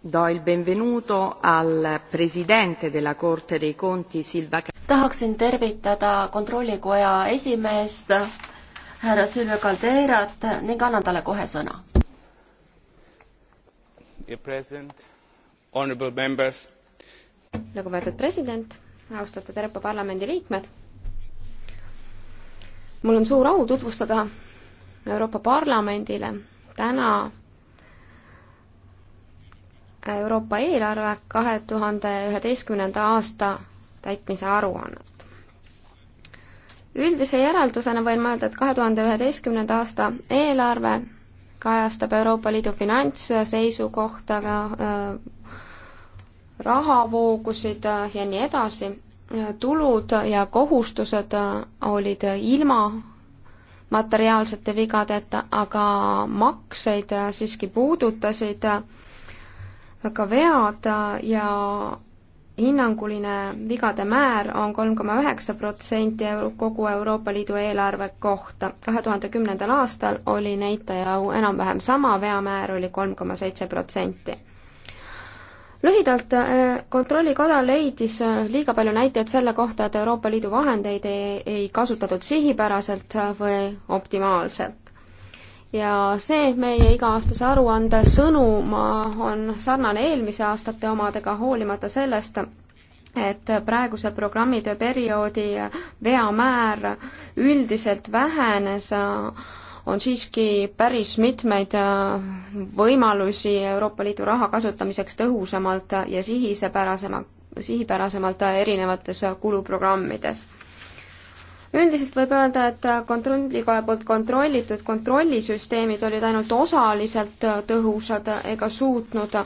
Do il benvenuto al presidente della Corte dei Conti Silva tahaksin tervitada Kontrollikoja esimeest härra Silvia Kalderat ning annan talle kohe sõna. lugupeetud president, austatud Euroopa Parlamendi liikmed, mul on suur au tutvustada Euroopa Parlamendile täna Euroopa eelarve kahe tuhande üheteistkümnenda aasta täitmise aruannet. üldise järeldusena võin ma öelda, et kahe tuhande üheteistkümnenda aasta eelarve kajastab Euroopa Liidu finantsseisukohta, äh, rahavoogusid äh, ja nii edasi, tulud ja kohustused äh, olid ilma materiaalsete vigadeta, aga makseid siiski puudutasid ka vead ja hinnanguline vigade määr on kolm koma üheksa protsenti kogu Euroopa Liidu eelarve kohta. kahe tuhande kümnendal aastal oli näitaja enam-vähem sama, veamäär oli kolm koma seitse protsenti lühidalt, äh, Kontrollikoda leidis äh, liiga palju näiteid selle kohta, et Euroopa Liidu vahendeid ei, ei kasutatud sihipäraselt äh, või optimaalselt ja see meie iga-aastase aruande sõnum on sarnane eelmise aastate omadega, hoolimata sellest, et praeguse programmitöö perioodi veamäär üldiselt vähenes, on siiski päris mitmeid võimalusi Euroopa Liidu raha kasutamiseks tõhusamalt ja sihisepärasemalt, sihipärasemalt erinevates kuluprogrammides üldiselt võib öelda, et kontrollikoja poolt kontrollitud kontrollisüsteemid olid ainult osaliselt tõhusad ega suutnud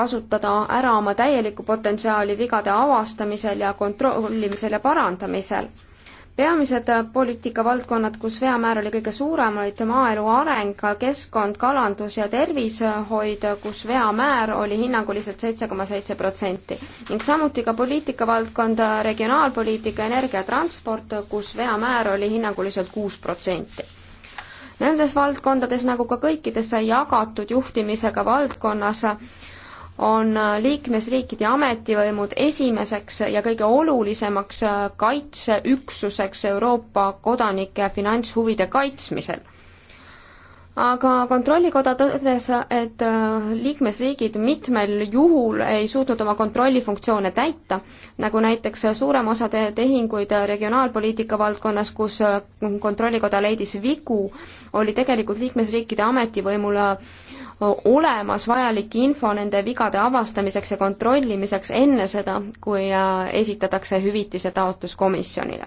kasutada ära oma täielikku potentsiaali vigade avastamisel ja kontrollimisel ja parandamisel peamised äh, poliitikavaldkonnad, kus veamäär oli kõige suurem, olid maaelu areng, keskkond, kalandus ja tervishoid, kus veamäär oli hinnanguliselt seitse koma seitse protsenti. ning samuti ka poliitikavaldkond äh, regionaalpoliitika, energia ja transport, kus veamäär oli hinnanguliselt kuus protsenti Nendes valdkondades nagu ka kõikides jagatud juhtimisega valdkonnas on äh, liikmesriikide ametivõimud esimeseks ja kõige olulisemaks äh, kaitseüksuseks Euroopa kodanike finantshuvide kaitsmisel. aga Kontrollikoda tõdes, et äh, liikmesriigid mitmel juhul ei suutnud oma kontrollifunktsioone täita, nagu näiteks suurem osa tehinguid regionaalpoliitika valdkonnas, kus Kontrollikoda leidis vigu, oli tegelikult liikmesriikide ametivõimule olemas vajalik info nende vigade avastamiseks ja kontrollimiseks enne seda, kui äh, esitatakse hüvitise taotlus komisjonile.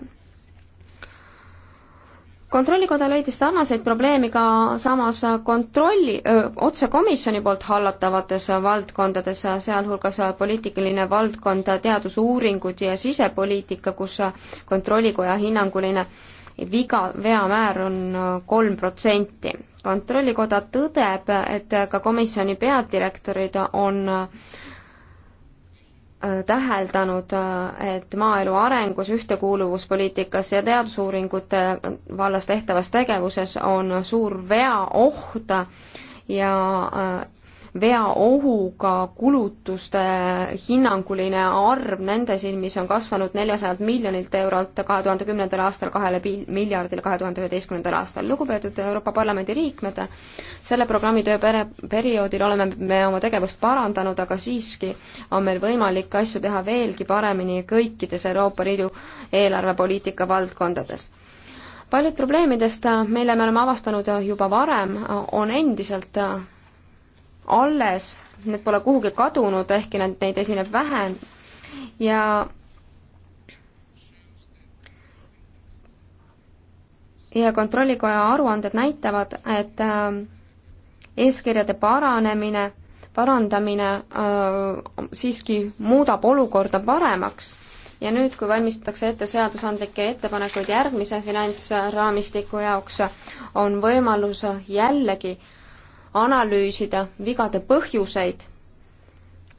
kontrollikoda leidis sarnaseid probleeme ka samas kontrolli, otse komisjoni poolt hallatavates valdkondades, sealhulgas poliitiline valdkond, teadusuuringud ja sisepoliitika, kus kontrollikoja hinnanguline öö, viga, veamäär on äh, kolm protsenti. kontrollikoda tõdeb, et ka komisjoni peadirektorid on äh, täheldanud, äh, et maaelu arengus, ühtekuuluvuspoliitikas ja teadusuuringute vallas tehtavas tegevuses on suur veaoht ja veaohuga kulutuste hinnanguline arv nende silmis on kasvanud neljasajalt miljonilt eurolt kahe tuhande kümnendal aastal kahele miljardile kahe tuhande üheteistkümnendal aastal. lugupeetud Euroopa Parlamendi liikmed, selle programmi tööpere, perioodil oleme me oma tegevust parandanud, aga siiski on meil võimalik asju teha veelgi paremini kõikides Euroopa Liidu eelarvepoliitika valdkondades paljud probleemidest, mille me oleme avastanud juba varem, on endiselt alles, need pole kuhugi kadunud, ehkki nad, neid esineb vähem ja ja Kontrollikoja aruanded näitavad, et äh, eeskirjade paranemine, parandamine äh, siiski muudab olukorda paremaks ja nüüd, kui valmistatakse ette seadusandlikke ettepanekuid järgmise finantsraamistiku jaoks, on võimalus jällegi äh, analüüsida vigade põhjuseid.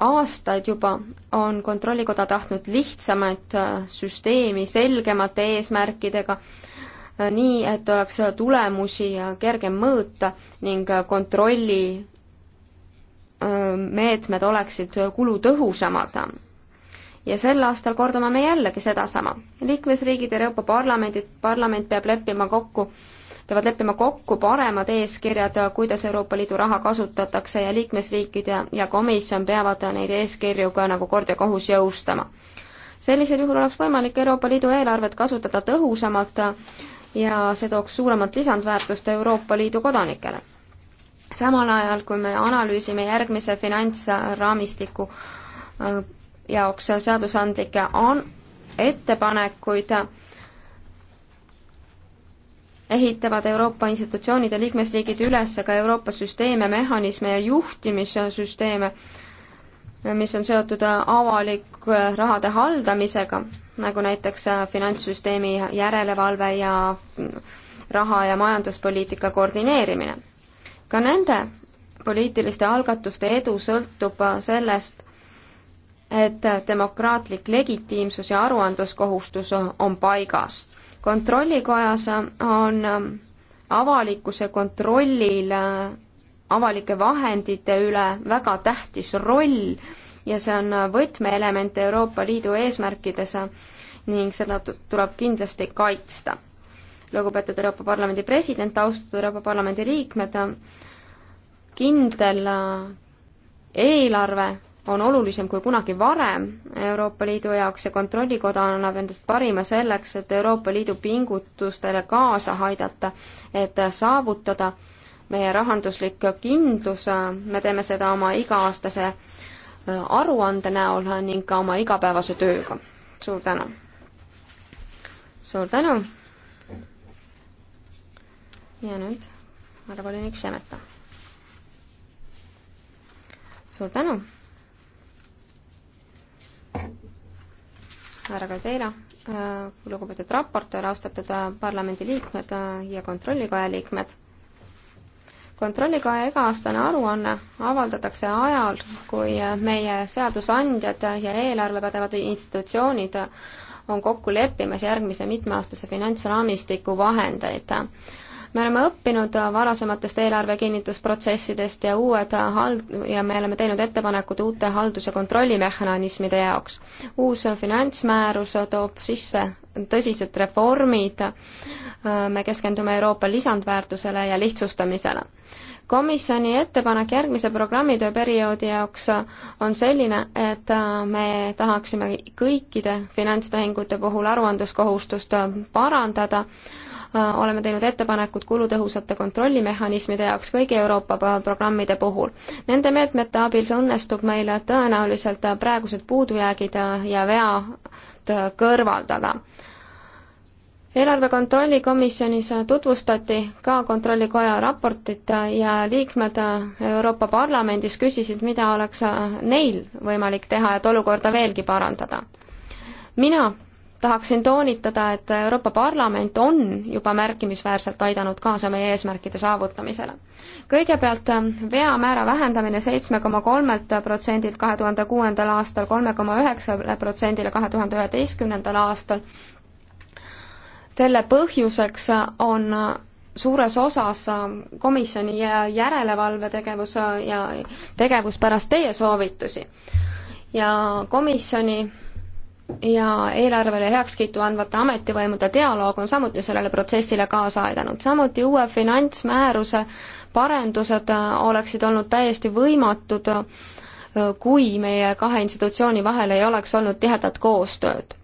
aastaid juba on Kontrollikoda tahtnud lihtsamat äh, süsteemi, selgemate eesmärkidega, äh, nii et oleks tulemusi kergem mõõta ning äh, kontrolli meetmed oleksid kulutõhusamad ja sel aastal kordame me jällegi sedasama. liikmesriigid ja Euroopa Parlamendid, parlament peab leppima kokku peavad leppima kokku paremad eeskirjad, kuidas Euroopa Liidu raha kasutatakse ja liikmesriigid ja, ja komisjon peavad neid eeskirju ka nagu kord ja kohus jõustama. sellisel juhul oleks võimalik Euroopa Liidu eelarvet kasutada tõhusamalt ja see tooks suuremat lisandväärtust Euroopa Liidu kodanikele. samal ajal, kui me analüüsime järgmise finantsraamistiku äh, jaoks seadusandlikke an-, ettepanekuid, ehitavad Euroopa institutsioonid ja liikmesriigid üles ka Euroopa süsteeme, mehhanisme ja juhtimissüsteeme, mis on seotud avaliku rahade haldamisega, nagu näiteks finantssüsteemi järelevalve ja raha- ja majanduspoliitika koordineerimine. ka nende poliitiliste algatuste edu sõltub sellest, et demokraatlik legitiimsus ja aruandluskohustus on paigas kontrollikojas on ähm, avalikkuse kontrollil äh, avalike vahendite üle väga tähtis roll ja see on äh, võtmeelement Euroopa Liidu eesmärkides äh, ning seda tuleb kindlasti kaitsta. lugupeetud Euroopa Parlamendi president, austatud Euroopa Parlamendi liikmed, kindel eelarve on olulisem kui kunagi varem Euroopa Liidu jaoks ja Kontrollikoda annab endast parima selleks, et Euroopa Liidu pingutustele kaasa aidata, et saavutada meie rahanduslik kindlus, me teeme seda oma iga-aastase äh, aruande näol ning ka oma igapäevase tööga. suur tänu! suur tänu! ja nüüd härra volinik Šemeta. suur tänu! härra Kadeira, äh, lugupeetud raportöör, austatud äh, parlamendiliikmed äh, ja kontrollikoja liikmed. kontrollikoja iga-aastane aruanne avaldatakse ajal, kui meie seadusandjad ja eelarvepädevad institutsioonid on kokku leppimas järgmise mitmeaastase finantsraamistiku vahendeid me oleme õppinud varasematest eelarve kinnitusprotsessidest ja uued hald- ja me oleme teinud ettepanekud uute haldus- ja kontrollimehhanismide jaoks. uus finantsmäärus toob sisse tõsised reformid, me keskendume Euroopa lisandväärtusele ja lihtsustamisele komisjoni ettepanek järgmise programmitöö perioodi jaoks on selline, et me tahaksime kõikide finantstehingute puhul aruandluskohustust parandada Äh, oleme teinud ettepanekud kulutõhusate kontrollimehhanismide jaoks kõigi Euroopa programmide puhul. Nende meetmete abil õnnestub meil tõenäoliselt praegused puudujäägid ja vead kõrvaldada eelarve kontrolli komisjonis tutvustati ka Kontrollikoja raportit ja liikmed Euroopa Parlamendis küsisid, mida oleks neil võimalik teha, et olukorda veelgi parandada. mina tahaksin toonitada, et Euroopa Parlament on juba märkimisväärselt aidanud kaasa meie eesmärkide saavutamisele. kõigepealt ähm, veamäära vähendamine seitsme koma kolmelt protsendilt kahe tuhande kuuendal aastal kolme koma üheksale protsendile kahe tuhande üheteistkümnendal aastal. selle põhjuseks on suures osas komisjoni järelevalvetegevus ja tegevus pärast teie soovitusi ja komisjoni ja eelarvele heakskiitu andvate ametivõimude dialoog on samuti sellele protsessile kaasa aidanud. samuti uue finantsmääruse parendused äh, oleksid olnud täiesti võimatud, äh, kui meie kahe institutsiooni vahel ei oleks olnud tihedat koostööd.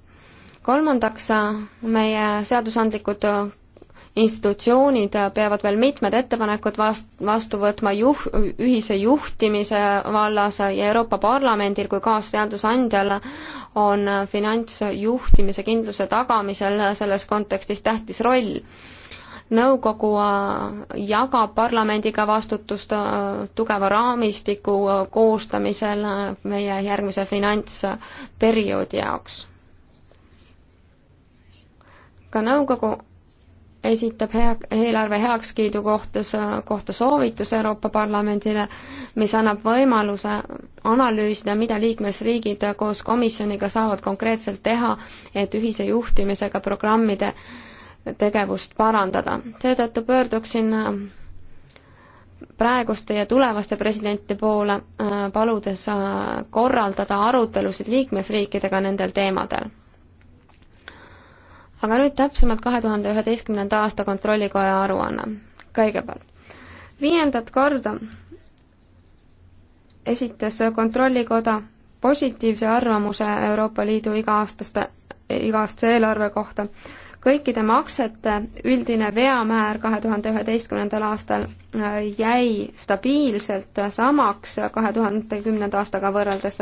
kolmandaks, äh, meie seadusandlikud institutsioonid peavad veel mitmed ettepanekud vast-, vastu võtma juh-, ühise juhtimise vallas ja Euroopa Parlamendil kui kaasseadusandjal on finantsjuhtimise kindluse tagamisel selles kontekstis tähtis roll. nõukogu äh, jagab parlamendiga vastutust äh, tugeva raamistiku äh, koostamisel meie järgmise finantsperioodi jaoks. ka nõukogu esitab hea, eelarve heakskiidu kohtas, kohta soovitus Euroopa Parlamendile, mis annab võimaluse analüüsida, mida liikmesriigid koos komisjoniga saavad konkreetselt teha, et ühise juhtimisega programmide tegevust parandada. seetõttu pöörduksin äh, praeguste ja tulevaste presidentide poole, äh, paludes äh, korraldada arutelusid liikmesriikidega nendel teemadel aga nüüd täpsemalt kahe tuhande üheteistkümnenda aasta Kontrollikoja aruanne. kõigepealt, viiendat korda esitas Kontrollikoda positiivse arvamuse Euroopa Liidu iga-aastaste, iga-aastase eelarve kohta kõikide maksete üldine veamäär kahe tuhande üheteistkümnendal aastal äh, jäi stabiilselt samaks kahe tuhande kümnenda aastaga võrreldes,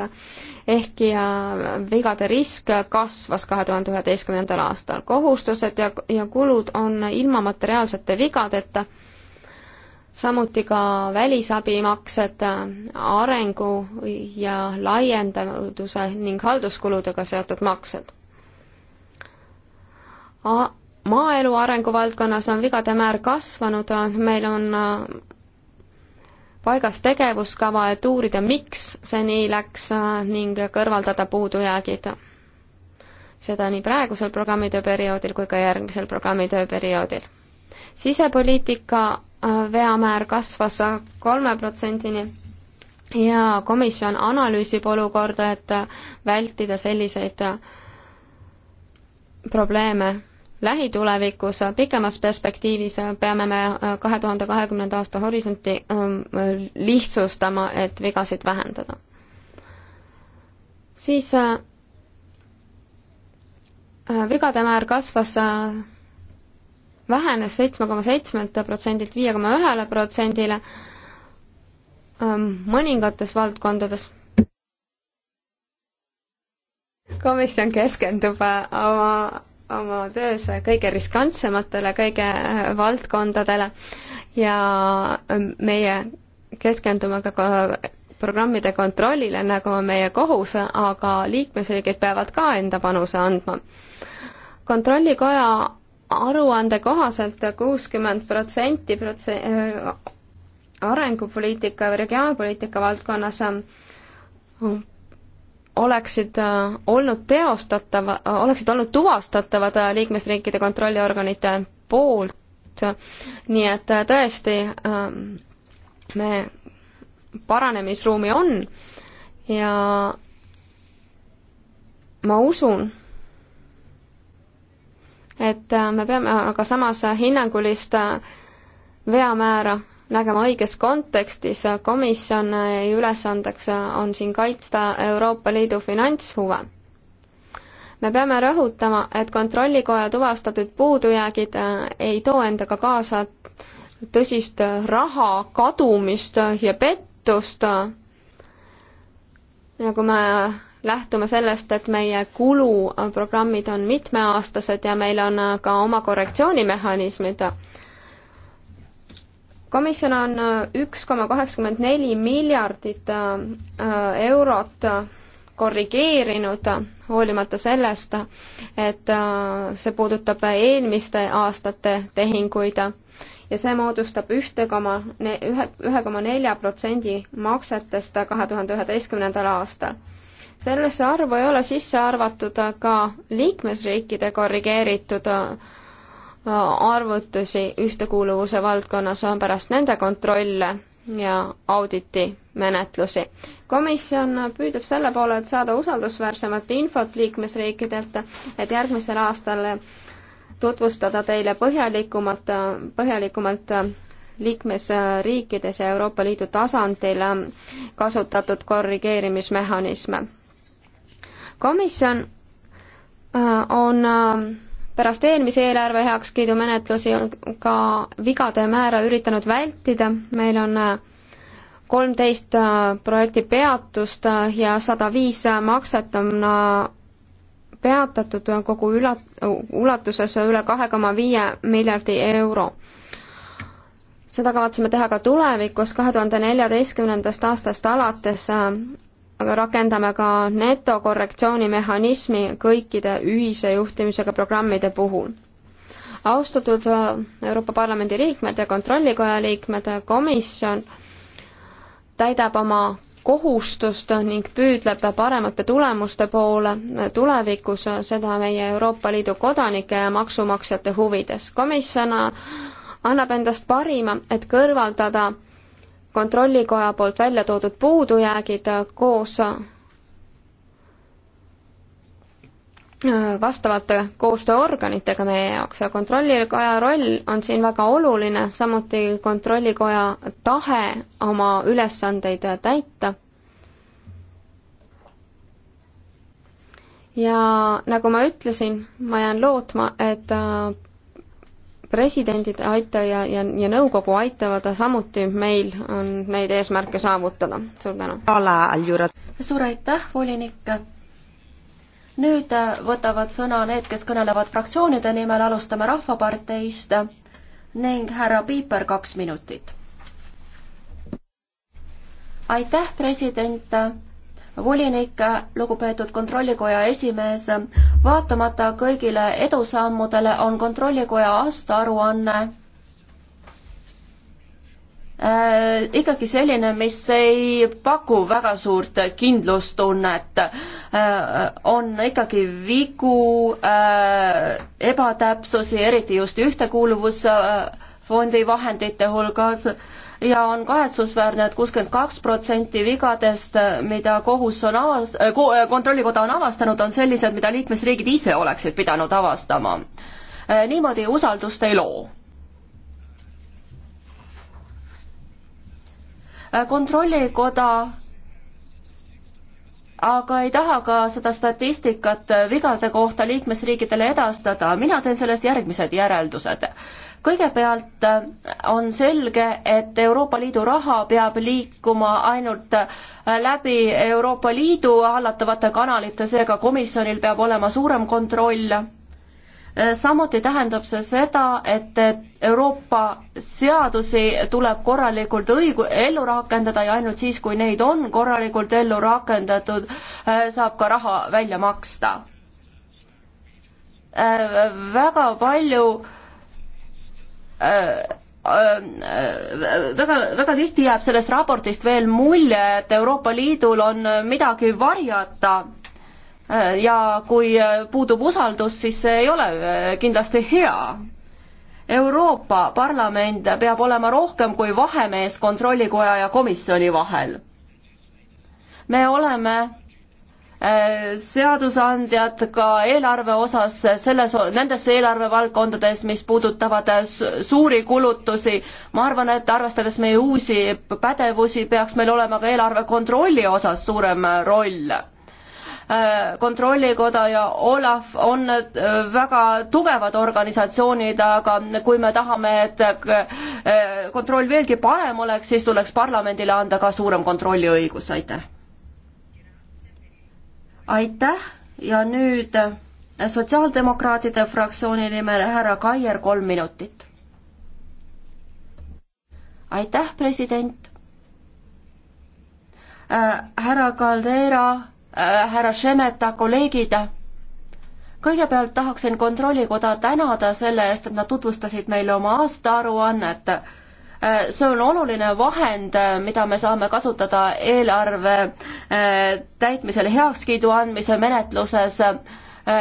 ehkki äh, vigade risk kasvas kahe tuhande üheteistkümnendal aastal. kohustused ja, ja kulud on ilma materiaalsete vigadeta samuti ka välisabimaksed arengu ja laienduse ning halduskuludega seotud maksed maaelu arenguvaldkonnas on vigade määr kasvanud, meil on äh, paigas tegevuskava, et uurida, miks see nii läks äh, ning kõrvaldada puudujäägid. seda nii praegusel programmitöö perioodil kui ka järgmisel programmitöö perioodil. sisepoliitika äh, veamäär kasvas kolme protsendini ja komisjon analüüsib olukorda, et vältida selliseid probleeme lähitulevikus, pikemas perspektiivis peame me äh, kahe tuhande kahekümnenda aasta horisonti ähm, lihtsustama, et vigasid vähendada. siis äh, äh, vigade määr kasvas vähenes seitsme koma seitsmelt protsendilt viie koma ühele protsendile ähm, mõningates valdkondades. komisjon keskendub oma oma töös kõige riskantsematele, kõige äh, valdkondadele ja äh, meie keskendume ka programmide kontrollile, nagu on meie kohus, aga liikmesriigid peavad ka enda panuse andma. kontrollikoja aruande kohaselt kuuskümmend protsenti protse-, äh, arengupoliitika või regionaalpoliitika valdkonnas oleksid äh, olnud teostatava, äh, oleksid olnud tuvastatavad äh, liikmesriikide kontrolliorganite poolt, nii et tõesti ähm, me paranemisruumi on ja ma usun, et me peame aga samas hinnangulist veamäära nägema õiges kontekstis, komisjoni ülesandeks on siin kaitsta Euroopa Liidu finantshuve. me peame rõhutama, et Kontrollikoja tuvastatud puudujäägid äh, ei too endaga kaasa tõsist raha kadumist ja pettust, ja kui me lähtume sellest, et meie kuluprogrammid on mitmeaastased ja meil on ka oma korrektsioonimehhanismid, komisjon on äh, üks koma kaheksakümmend neli miljardit äh, äh, eurot korrigeerinud, hoolimata sellest, et see puudutab eelmiste aastate tehinguid ja see moodustab ühte koma, ühe, ühe koma nelja protsendi maksetest kahe tuhande üheteistkümnendal aastal. sellesse arvu ei ole sisse arvatud ka liikmesriikide korrigeeritud arvutusi ühtekuuluvuse valdkonnas on pärast nende kontrolle ja auditi menetlusi. komisjon püüdleb selle poole, et saada usaldusväärsemat infot liikmesriikidelt, et järgmisel aastal tutvustada teile põhjalikumat, põhjalikumalt liikmesriikides ja Euroopa Liidu tasandil kasutatud korrigeerimismehhanisme. komisjon äh, on äh, pärast eelmise eelarve heakskiidumenetlusi on ka vigade määra üritanud vältida, meil on äh, kolmteist äh, projekti peatust äh, ja sada viis makset on peatatud kogu ülat-, ulatuses üle kahe koma viie miljardi euro. seda kavatseme teha ka tulevikus, kahe tuhande neljateistkümnendast aastast alates aga rakendame ka netokorrektsioonimehhanismi kõikide ühise juhtimisega programmide puhul. austatud äh, Euroopa Parlamendi liikmed ja Kontrollikoja liikmed, äh, komisjon täidab oma kohustust ning püüdleb paremate tulemuste poole äh, tulevikus, seda meie Euroopa Liidu kodanike ja maksumaksjate huvides. komisjon annab endast parima, et kõrvaldada kontrollikoja poolt välja toodud puudujäägid koos vastavate koostööorganitega meie jaoks ja kontrollikoja roll on siin väga oluline, samuti kontrollikoja tahe oma ülesandeid täita. ja nagu ma ütlesin, ma jään lootma, et presidendid aita ja, ja, ja nõukogu aitavad samuti meil on neid eesmärke saavutada. suur tänu! suur aitäh, volinik! nüüd äh, võtavad sõna need, kes kõnelevad fraktsioonide nimel, alustame Rahvaparteist ning härra Piiper, kaks minutit. aitäh, president! volinik, lugupeetud Kontrollikoja esimees, vaatamata kõigile edusammudele on Kontrollikoja aastaaruanne äh, ikkagi selline, mis ei paku väga suurt kindlustunnet äh,. on ikkagi vigu äh,, ebatäpsusi, eriti just ühtekuuluvusfondi äh, fondi vahendite hulgas äh, ja on kahetsusväärne et, et kuuskümmend kaks protsenti vigadest, mida kohus on avas- äh, ko,, äh, kontrollikoda on avastanud, on sellised, mida liikmesriigid ise oleksid pidanud avastama. Äh, niimoodi usaldust ei loo. kontrollikoda aga ei taha ka seda statistikat vigade kohta liikmesriikidele edastada, mina teen sellest järgmised järeldused. kõigepealt äh, on selge, et Euroopa Liidu raha peab liikuma ainult äh, läbi Euroopa Liidu hallatavate kanalite, seega komisjonil peab olema suurem kontroll samuti tähendab see seda, et Euroopa seadusi tuleb korralikult õigu-, ellu rakendada ja ainult siis, kui neid on korralikult ellu rakendatud, saab ka raha välja maksta. väga palju väga, väga tihti jääb sellest raportist veel mulje, et Euroopa Liidul on midagi varjata ja kui äh, puudub usaldus, siis see ei ole äh, kindlasti hea. Euroopa Parlament peab olema rohkem kui vahemees Kontrollikoja ja komisjoni vahel. me oleme äh, seadusandjad ka eelarve osas selles, nendes eelarvevaldkondades, mis puudutavad suuri kulutusi. ma arvan, et arvestades meie uusi pädevusi, peaks meil olema ka eelarve kontrolli osas suurem roll Äh, kontrollikoda ja Olav on äh, väga tugevad organisatsioonid, aga kui me tahame, et äh, kontroll veelgi parem oleks, siis tuleks parlamendile anda ka suurem kontrolliõigus, aitäh. aitäh ja nüüd sotsiaaldemokraatide fraktsiooni nimel härra Kaier, kolm minutit. aitäh, president äh,. härra Caldera Äh, härra Šemeta, kolleegid. kõigepealt tahaksin Kontrollikoda tänada selle eest, et nad tutvustasid meile oma aastaaruannet. Äh, see on oluline vahend, mida me saame kasutada eelarve äh, täitmisel heakskiidu andmise menetluses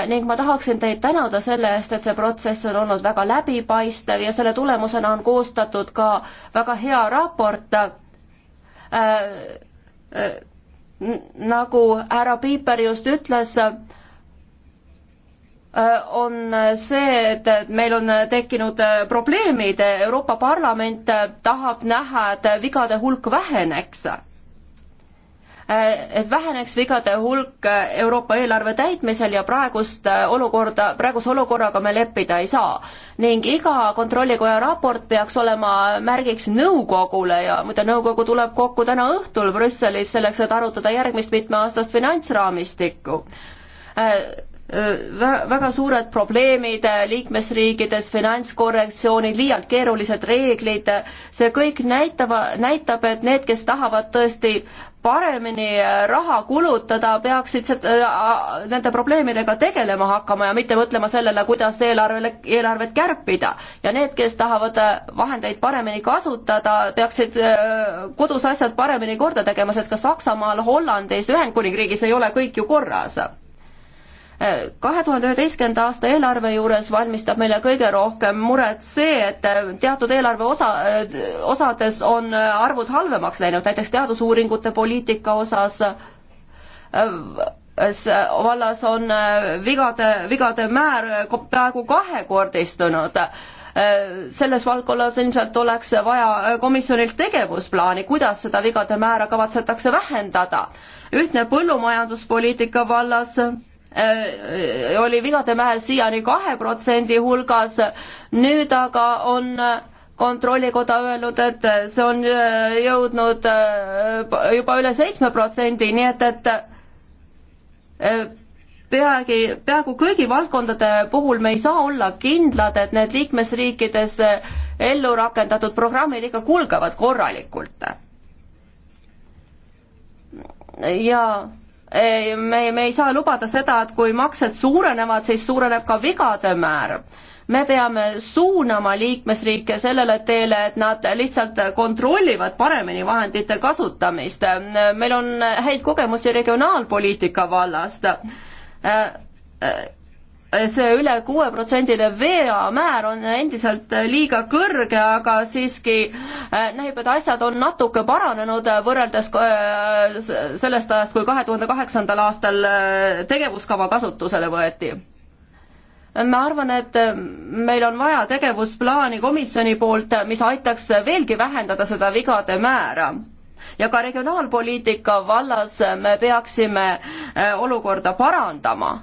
ning ma tahaksin teid tänada selle eest, et see protsess on olnud väga läbipaistev ja selle tulemusena on koostatud ka väga hea raport nagu härra Piiper just ütles, äh, on see, et, et meil on tekkinud äh, probleemid, Euroopa Parlament äh, tahab näha, et vigade hulk väheneks Äh, et väheneks vigade hulk äh, Euroopa eelarve täitmisel ja praegust äh, olukorda, praeguse olukorraga me leppida ei saa. ning iga Kontrollikoja raport peaks olema märgiks nõukogule ja muide, nõukogu tuleb kokku täna õhtul Brüsselis selleks, et arutada järgmist mitmeaastast finantsraamistikku väga suured probleemid liikmesriikides, finantskorrektsioonid, liialt keerulised reeglid, see kõik näitava, näitab, et need, kes tahavad tõesti paremini äh, raha kulutada, peaksid äh, nende probleemidega tegelema hakkama ja mitte mõtlema sellele, kuidas eelarvele, eelarvet kärpida. ja need, kes tahavad äh, vahendeid paremini kasutada, peaksid kodus asjad paremini korda tegema, sest ka Saksamaal, Hollandis, Ühendkuningriigis ei ole kõik ju korras kahe tuhande üheteistkümnenda aasta eelarve juures valmistab meile kõige rohkem muret see, et äh, teatud eelarve osa, äh, osades on äh, arvud halvemaks läinud, näiteks teadusuuringute poliitika osas vallas on vigade, vigade määr peaaegu kahekordistunud selles valdkonnas ilmselt oleks vaja komisjonilt tegevusplaani, kuidas seda vigade määra kavatsetakse vähendada. ühtne põllumajanduspoliitika vallas Äh, äh, oli vigade määr siiani kahe protsendi hulgas, nüüd aga on äh, kontrollikoda öelnud, et see on jõudnud juba üle seitsme protsendi, nii et, et peagi, peaaegu kõigi valdkondade puhul me ei saa olla kindlad, et need liikmesriikides ellu rakendatud programmid ikka kulgevad korralikult. ja me, me ei saa lubada seda, et kui maksed suurenevad, siis suureneb ka vigade määr. me peame suunama liikmesriike sellele teele, et nad lihtsalt kontrollivad paremini vahendite kasutamist. meil on häid kogemusi regionaalpoliitika vallast äh, äh, see üle kuueprotsendine veamäär on endiselt liiga kõrge, aga siiski äh, näib, et asjad on natuke paranenud võrreldes äh, sellest ajast, kui kahe tuhande kaheksandal aastal äh, tegevuskava kasutusele võeti ma arvan, et meil on vaja tegevusplaani komisjoni poolt, mis aitaks veelgi vähendada seda vigade määra ja ka regionaalpoliitika vallas me peaksime olukorda parandama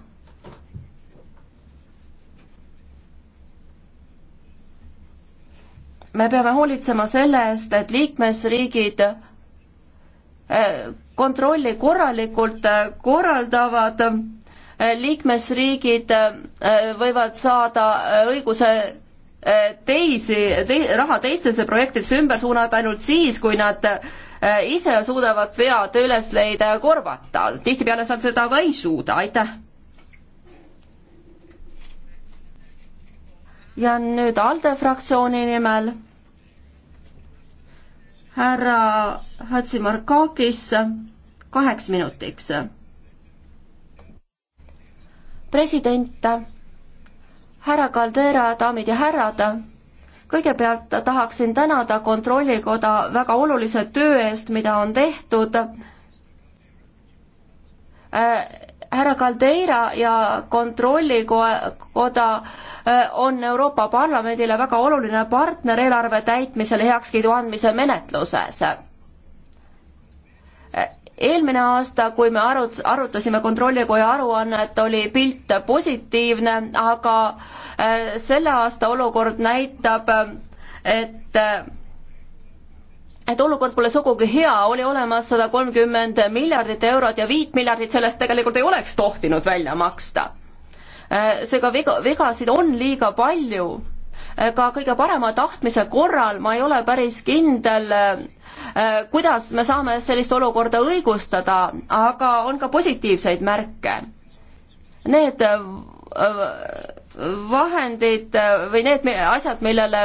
me peame hoolitsema selle eest, et liikmesriigid eh, kontrolli korralikult eh, korraldavad, eh, liikmesriigid võivad saada õiguse teisi te,, raha teistesse projektidesse ümber suunata ainult siis, kui nad ise suudavad vead üles leida ja korvata. tihtipeale nad seda ka ei suuda, aitäh ja nüüd ALDE fraktsiooni nimel härra Hatsimarkakis kaheks minutiks. president, härra Caldera, daamid ja härrad, kõigepealt tahaksin tänada Kontrollikoda väga olulise töö eest, mida on tehtud äh, härra Caldeira ja Kontrollikoda äh, on Euroopa Parlamendile väga oluline partner eelarve täitmisele heakskiidu andmise menetluses. eelmine aasta, kui me arut-, arutasime Kontrollikoja aruannet, oli pilt positiivne, aga äh, selle aasta olukord näitab, äh, et et olukord pole sugugi hea, oli olemas sada kolmkümmend miljardit eurot ja viit miljardit sellest tegelikult ei oleks tohtinud välja maksta. Äh, seega viga, vigasid on liiga palju. Äh, ka kõige parema tahtmise korral ma ei ole päris kindel, äh, kuidas me saame sellist olukorda õigustada, aga on ka positiivseid märke. Need vahendid või need asjad, millele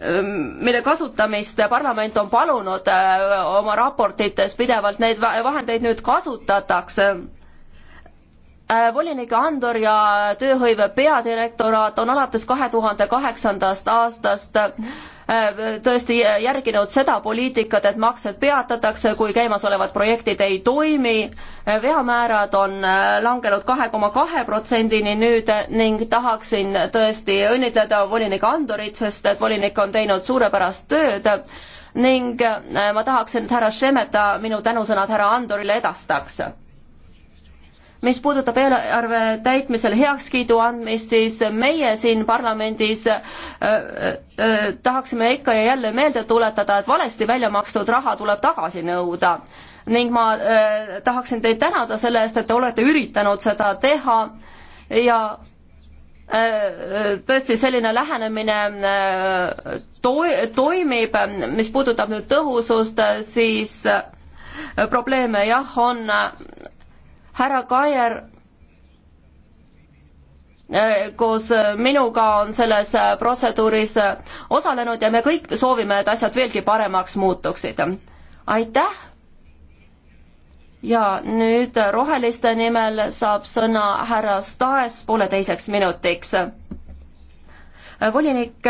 Ehm, mille kasutamist parlament on palunud äh, oma raportites pidevalt, neid vahendeid nüüd kasutatakse äh, volinik Andor ja tööhõive peadirektoraat on alates kahe tuhande kaheksandast aastast Äh, tõesti järginud seda poliitikat, et maksed peatatakse, kui käimasolevad projektid ei toimi. Äh, veamäärad on äh, langenud kahe koma kahe protsendini nüüd ning tahaksin tõesti õnnitleda volinik Andorit, sest et volinik on teinud suurepärast tööd ning ma tahaksin, et härra Šemeta minu tänusõnad härra Andorile edastaks mis puudutab eelarve täitmisel heakskiidu andmist, siis meie siin parlamendis äh, äh, äh, tahaksime ikka ja jälle meelde tuletada, et valesti välja makstud raha tuleb tagasi nõuda. ning ma äh, tahaksin teid tänada selle eest, et te olete üritanud seda teha ja äh, äh, tõesti selline lähenemine to-, toimib, mis puudutab nüüd tõhusust, siis probleeme jah, on härra Kaier äh, koos äh, minuga on selles äh, protseduuris osalenud ja me kõik soovime, et asjad veelgi paremaks muutuksid. aitäh! ja nüüd Roheliste nimel saab sõna härra Staes pooleteiseks minutiks. volinik,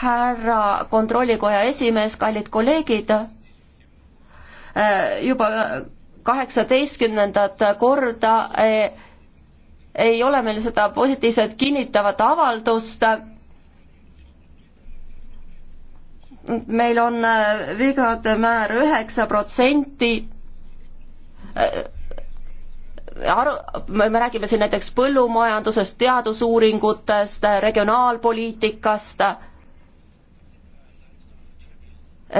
härra kontrollikoja esimees, kallid kolleegid, juba kaheksateistkümnendat korda eh, ei ole meil seda positiivset kinnitavat avaldust. meil on eh, vigade määr üheksa protsenti eh, aru, me räägime siin näiteks põllumajandusest, teadusuuringutest, regionaalpoliitikast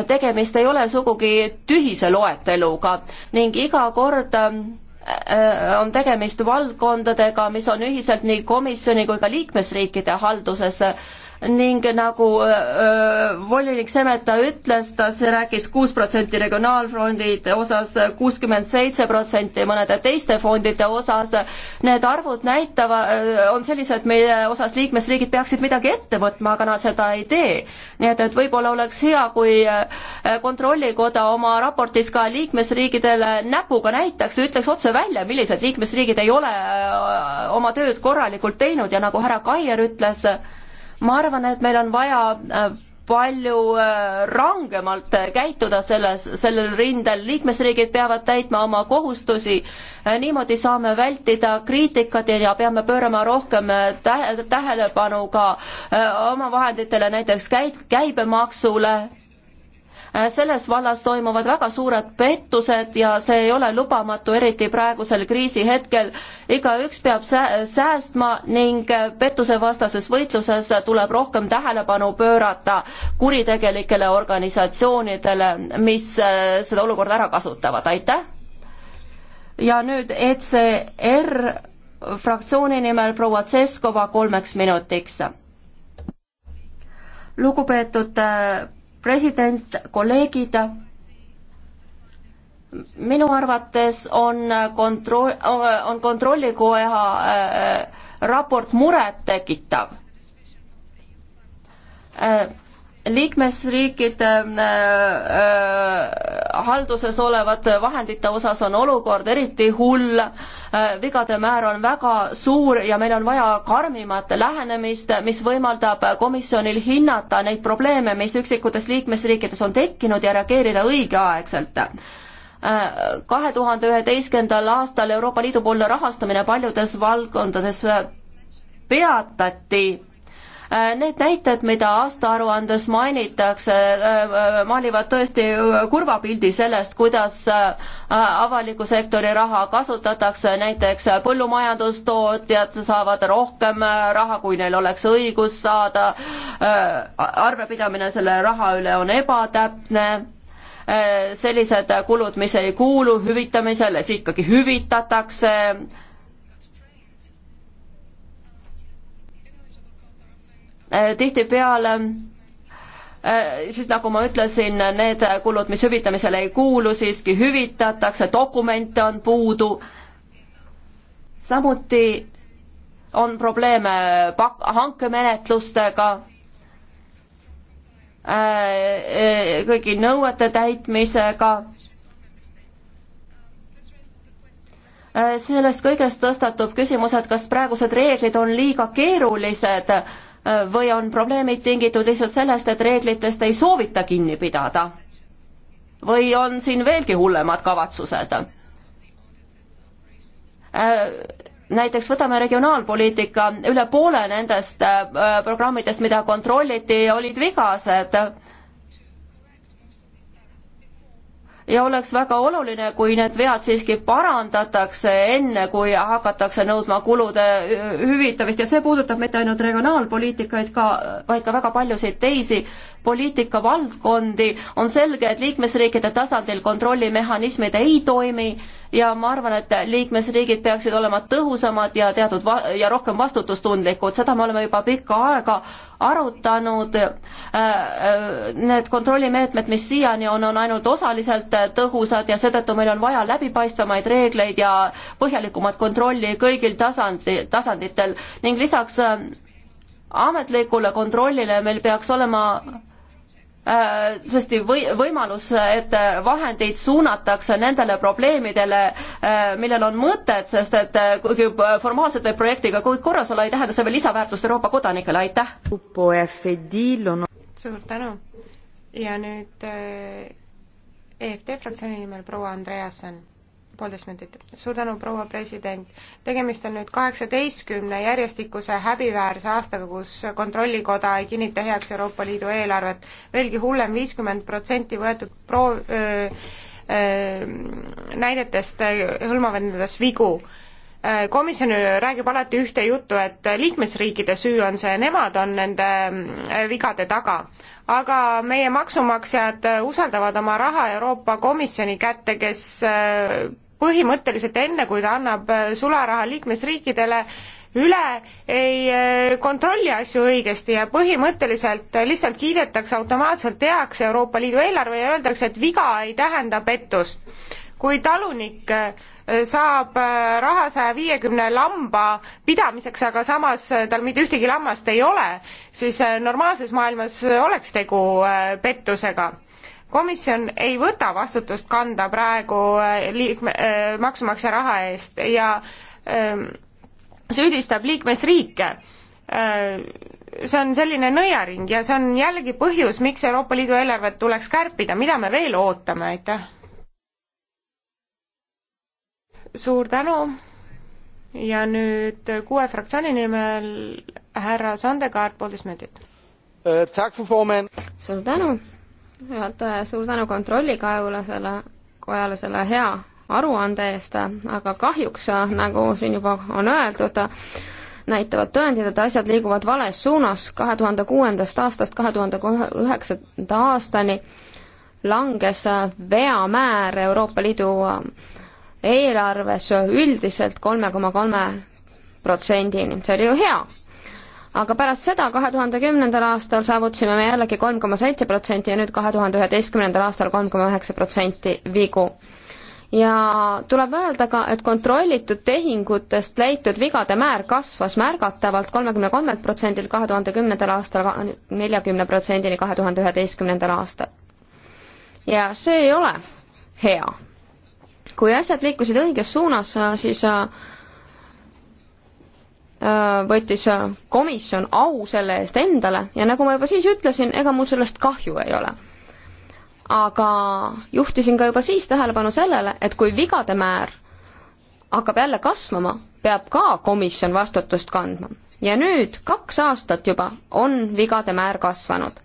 tegemist ei ole sugugi tühise loeteluga ning iga kord äh, äh, on tegemist valdkondadega, mis on ühiselt nii komisjoni kui ka liikmesriikide halduses ning nagu äh, volinik Semeta ütles, ta rääkis kuus protsenti regionaalfondide osas, kuuskümmend seitse protsenti mõnede teiste fondide osas. Need arvud näitavad, on sellised, mille osas liikmesriigid peaksid midagi ette võtma, aga nad seda ei tee. nii et, et võib-olla oleks hea, kui kontrollikoda oma raportis ka liikmesriigidele näpuga näitaks ja ütleks otse välja, millised liikmesriigid ei ole oma tööd korralikult teinud ja nagu härra Kaier ütles, ma arvan, et meil on vaja äh, palju äh, rangemalt äh, käituda selles, sellel rindel, liikmesriigid peavad täitma oma kohustusi, niimoodi saame vältida kriitikat ja peame pöörama rohkem tähe, tähelepanu ka omavahenditele, näiteks käi-, käibemaksule Äh, selles vallas toimuvad väga suured pettused ja see ei ole lubamatu, eriti praegusel kriisihetkel. igaüks peab säästma ning äh, pettusevastases võitluses tuleb rohkem tähelepanu pöörata kuritegelikele organisatsioonidele, mis äh, seda olukorda ära kasutavad, aitäh! ja nüüd ECR fraktsiooni nimel proua Tseskova kolmeks minutiks. lugupeetud president, kolleegid, minu arvates on kontroll, on kontrollikoja äh, äh, raport murettekitav äh, liikmesriikide äh, äh halduses olevate vahendite osas on olukord eriti hull äh,, vigade määr on väga suur ja meil on vaja karmimat lähenemist, mis võimaldab komisjonil hinnata neid probleeme, mis üksikutes liikmesriikides on tekkinud ja reageerida õigeaegselt äh, kahe tuhande üheteistkümnendal aastal Euroopa Liidu poolne rahastamine paljudes valdkondades äh, peatati Äh, need näited, mida aastaaruandes mainitakse, äh, äh, maalivad tõesti kurva pildi sellest, kuidas avaliku sektori raha kasutatakse, näiteks põllumajandustootjad saavad rohkem raha, kui neil oleks õigus saada, arvepidamine selle raha üle on ebatäpne sellised kulud, mis ei kuulu hüvitamisele, siis ikkagi hüvitatakse Äh, tihtipeale äh, siis nagu ma ütlesin, need kulud, mis hüvitamisele ei kuulu, siiski hüvitatakse, dokumente on puudu. samuti on probleeme pak-, hankemenetlustega, äh, kõigi nõuete täitmisega sellest kõigest tõstatub küsimus, et kas praegused reeglid on liiga keerulised või on probleemid tingitud lihtsalt sellest, et reeglitest ei soovita kinni pidada? või on siin veelgi hullemad kavatsused? Äh, näiteks võtame regionaalpoliitika, üle poole nendest äh, programmidest, mida kontrolliti, olid vigased ja oleks väga oluline, kui need vead siiski parandatakse enne, kui hakatakse nõudma kulude hüvitamist ja see puudutab mitte ainult regionaalpoliitikaid ka, vaid ka väga paljusid teisi poliitikavaldkondi, on selge, et liikmesriikide tasandil kontrollimehhanismid ei toimi ja ma arvan, et liikmesriigid peaksid olema tõhusamad ja teatud va-, ja rohkem vastutustundlikud, seda me oleme juba pikka aega arutanud, äh, äh, need kontrollimeetmed, mis siiani on, on ainult osaliselt tõhusad ja seetõttu meil on vaja läbipaistvamaid reegleid ja põhjalikumat kontrolli kõigil tasandi, tasanditel ning lisaks äh, ametlikule kontrollile meil peaks olema Äh, sest või, võimalus, et vahendeid suunatakse nendele probleemidele, äh, millel on mõtet, sest et äh, kuigi formaalselt võib projektiga kõik korras olla, ei tähenda see veel lisaväärtust Euroopa kodanikele, aitäh! suur tänu! ja nüüd EFD fraktsiooni nimel proua Andreasen poolteist minutit. suur tänu, proua president. tegemist on nüüd kaheksateistkümne järjestikuse häbiväärse aastaga, kus Kontrollikoda ei kinnita heaks Euroopa Liidu eelarvet. veelgi hullem, viiskümmend protsenti võetud proov-, näidetest hõlmavad endas vigu komisjon räägib alati ühte juttu, et liikmesriikide süü on see, nemad on nende vigade taga. aga meie maksumaksjad usaldavad oma raha Euroopa Komisjoni kätte, kes põhimõtteliselt enne, kui ta annab äh, sularaha liikmesriikidele üle, ei äh, kontrolli asju õigesti ja põhimõtteliselt äh, lihtsalt kiidetakse automaatselt heaks Euroopa Liidu eelarve ja öeldakse, et viga ei tähenda pettust. kui talunik saab raha saja viiekümne lamba pidamiseks, aga samas tal mitte ühtegi lammast ei ole, siis normaalses maailmas oleks tegu pettusega komisjon ei võta vastutust kanda praegu äh, liikme, äh, maksumaksja raha eest ja ähm, süüdistab liikmesriike. Äh, see on selline nõiaring ja see on jällegi põhjus, miks Euroopa Liidu eelarvet tuleks kärpida, mida me veel ootame, aitäh? suur tänu ja nüüd kuue fraktsiooni nimel härra Sandekaart, poolteist minutit. suur tänu juhataja, suur tänu kontrollikajule selle, kojale selle hea aruande eest, aga kahjuks, nagu siin juba on öeldud, näitavad tõendid, et asjad liiguvad vales suunas, kahe tuhande kuuendast aastast kahe tuhande üheksanda aastani langes veamäär Euroopa Liidu eelarves üldiselt kolme koma kolme protsendini, see oli ju hea aga pärast seda, kahe tuhande kümnendal aastal saavutasime me jällegi kolm koma seitse protsenti ja nüüd kahe tuhande üheteistkümnendal aastal kolm koma üheksa protsenti vigu. ja tuleb öelda ka, et kontrollitud tehingutest leitud vigade määr kasvas märgatavalt kolmekümne kolmelt protsendilt kahe tuhande kümnendal aastal neljakümne protsendini kahe tuhande üheteistkümnendal aastal. ja see ei ole hea. kui asjad liikusid õiges suunas, siis äh, Äh, võttis äh, komisjon au selle eest endale ja nagu ma juba siis ütlesin, ega mul sellest kahju ei ole. aga juhtisin ka juba siis tähelepanu sellele, et kui vigade määr hakkab jälle kasvama, peab ka komisjon vastutust kandma. ja nüüd kaks aastat juba on vigade määr kasvanud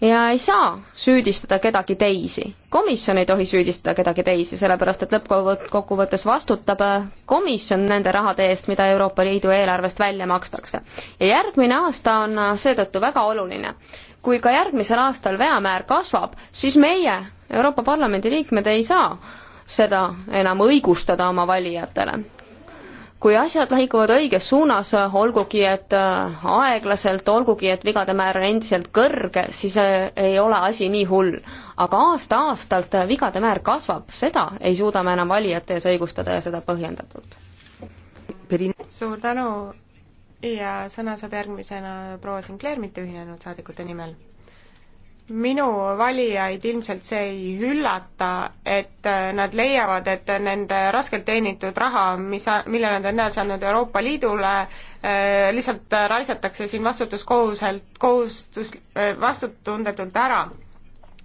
ja ei saa süüdistada kedagi teisi. komisjon ei tohi süüdistada kedagi teisi, sellepärast et lõppkokkuvõttes vastutab äh, komisjon nende rahade eest, mida Euroopa Liidu eelarvest välja makstakse. ja järgmine aasta on äh, seetõttu väga oluline. kui ka järgmisel aastal veamäär kasvab, siis meie, Euroopa Parlamendi liikmed, ei saa seda enam õigustada oma valijatele kui asjad liiguvad õiges suunas, olgugi et äh, aeglaselt, olgugi et vigade määr on endiselt kõrge, siis äh, ei ole asi nii hull. aga aasta-aastalt äh, vigade määr kasvab, seda ei suuda me enam valijate ees õigustada ja seda põhjendatult. suur tänu ja sõna saab järgmisena proua Sinclair, mitte ühinenud saadikute nimel minu valijaid ilmselt see ei üllata, et äh, nad leiavad, et nende raskelt teenitud raha, mis, mille nad on edasi andnud Euroopa Liidule, äh, lihtsalt raisatakse siin vastutuskohuselt, kohustus, äh, vastutundetult ära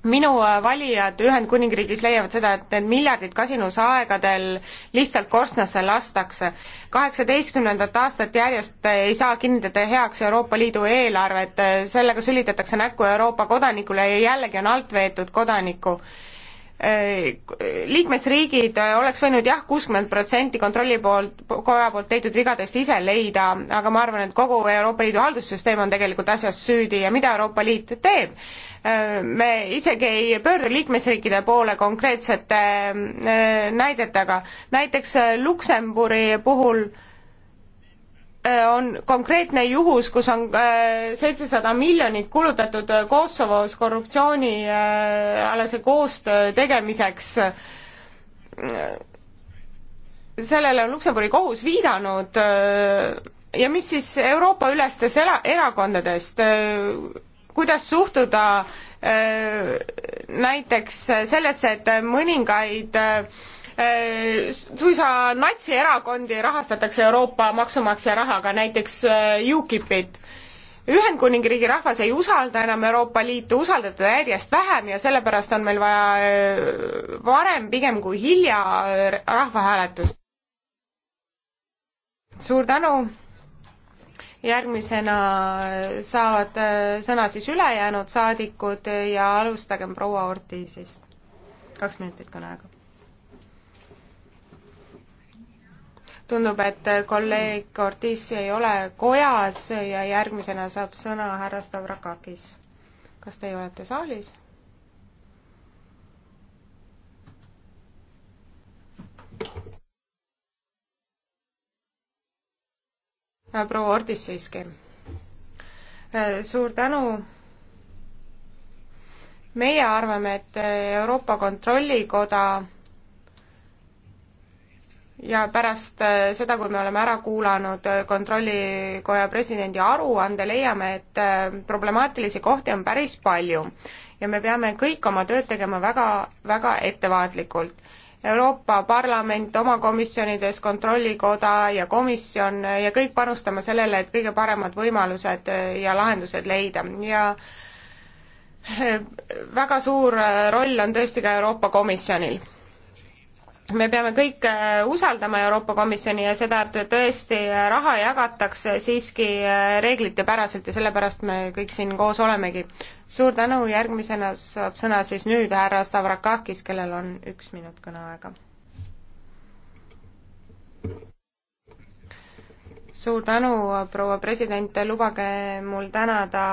minu äh, valijad Ühendkuningriigis leiavad seda, et need miljardid kasinusaegadel lihtsalt korstnasse lastakse. kaheksateistkümnendat aastat järjest ei saa kinnitada heaks Euroopa Liidu eelarvet, sellega sülitatakse näkku Euroopa kodanikule ja jällegi on alt veetud kodanikku Äh, liikmesriigid äh, oleks võinud jah, kuuskümmend protsenti kontrolli poolt, koja poolt tehtud vigadest ise leida, aga ma arvan, et kogu Euroopa Liidu haldussüsteem on tegelikult asjas süüdi ja mida Euroopa Liit teeb? Äh, me isegi ei pöördu liikmesriikide poole konkreetsete näidetega, näiteks Luksemburi puhul äh, Äh, on konkreetne juhus, kus on äh, seitsesada miljonit kulutatud äh, Kosovos korruptsioonialase koostöö tegemiseks. sellele on Luksemburgi kohus viidanud ja mis siis Euroopa ülestes era-, erakondadest, kuidas suhtuda näiteks sellesse, et mõningaid äh, Äh, suisa natsierakondi rahastatakse Euroopa maksumaksja rahaga, näiteks äh, UKIP-it Ühendkuningriigi rahvas ei usalda enam Euroopa Liitu, usaldada järjest vähem ja sellepärast on meil vaja äh, varem pigem kui hilja rahvahääletust. suur tänu. järgmisena saavad sõna siis ülejäänud saadikud ja alustagem proua Ortisist. kaks minutit kõneaega tundub, et kolleeg Ortiz ei ole kojas ja järgmisena saab sõna härra Stavrakakis. kas teie olete saalis? proua Ortis siiski. Äh, suur tänu. meie arvame, et Euroopa Kontrollikoda ja pärast äh, seda, kui me oleme ära kuulanud äh, Kontrollikoja presidendi aruande, leiame, et äh, problemaatilisi kohti on päris palju ja me peame kõik oma tööd tegema väga, väga ettevaatlikult. Euroopa Parlament oma komisjonides, Kontrollikoda ja komisjon ja kõik panustama sellele, et kõige paremad võimalused ja lahendused leida ja väga suur roll on tõesti ka Euroopa Komisjonil me peame kõik äh, usaldama Euroopa Komisjoni ja seda, et tõesti äh, raha jagatakse siiski äh, reeglitepäraselt ja sellepärast me kõik siin koos olemegi. suur tänu, järgmisena saab sõna siis nüüd härra Stavrakakis, kellel on üks minut kõneaega suur tänu, proua president, lubage mul tänada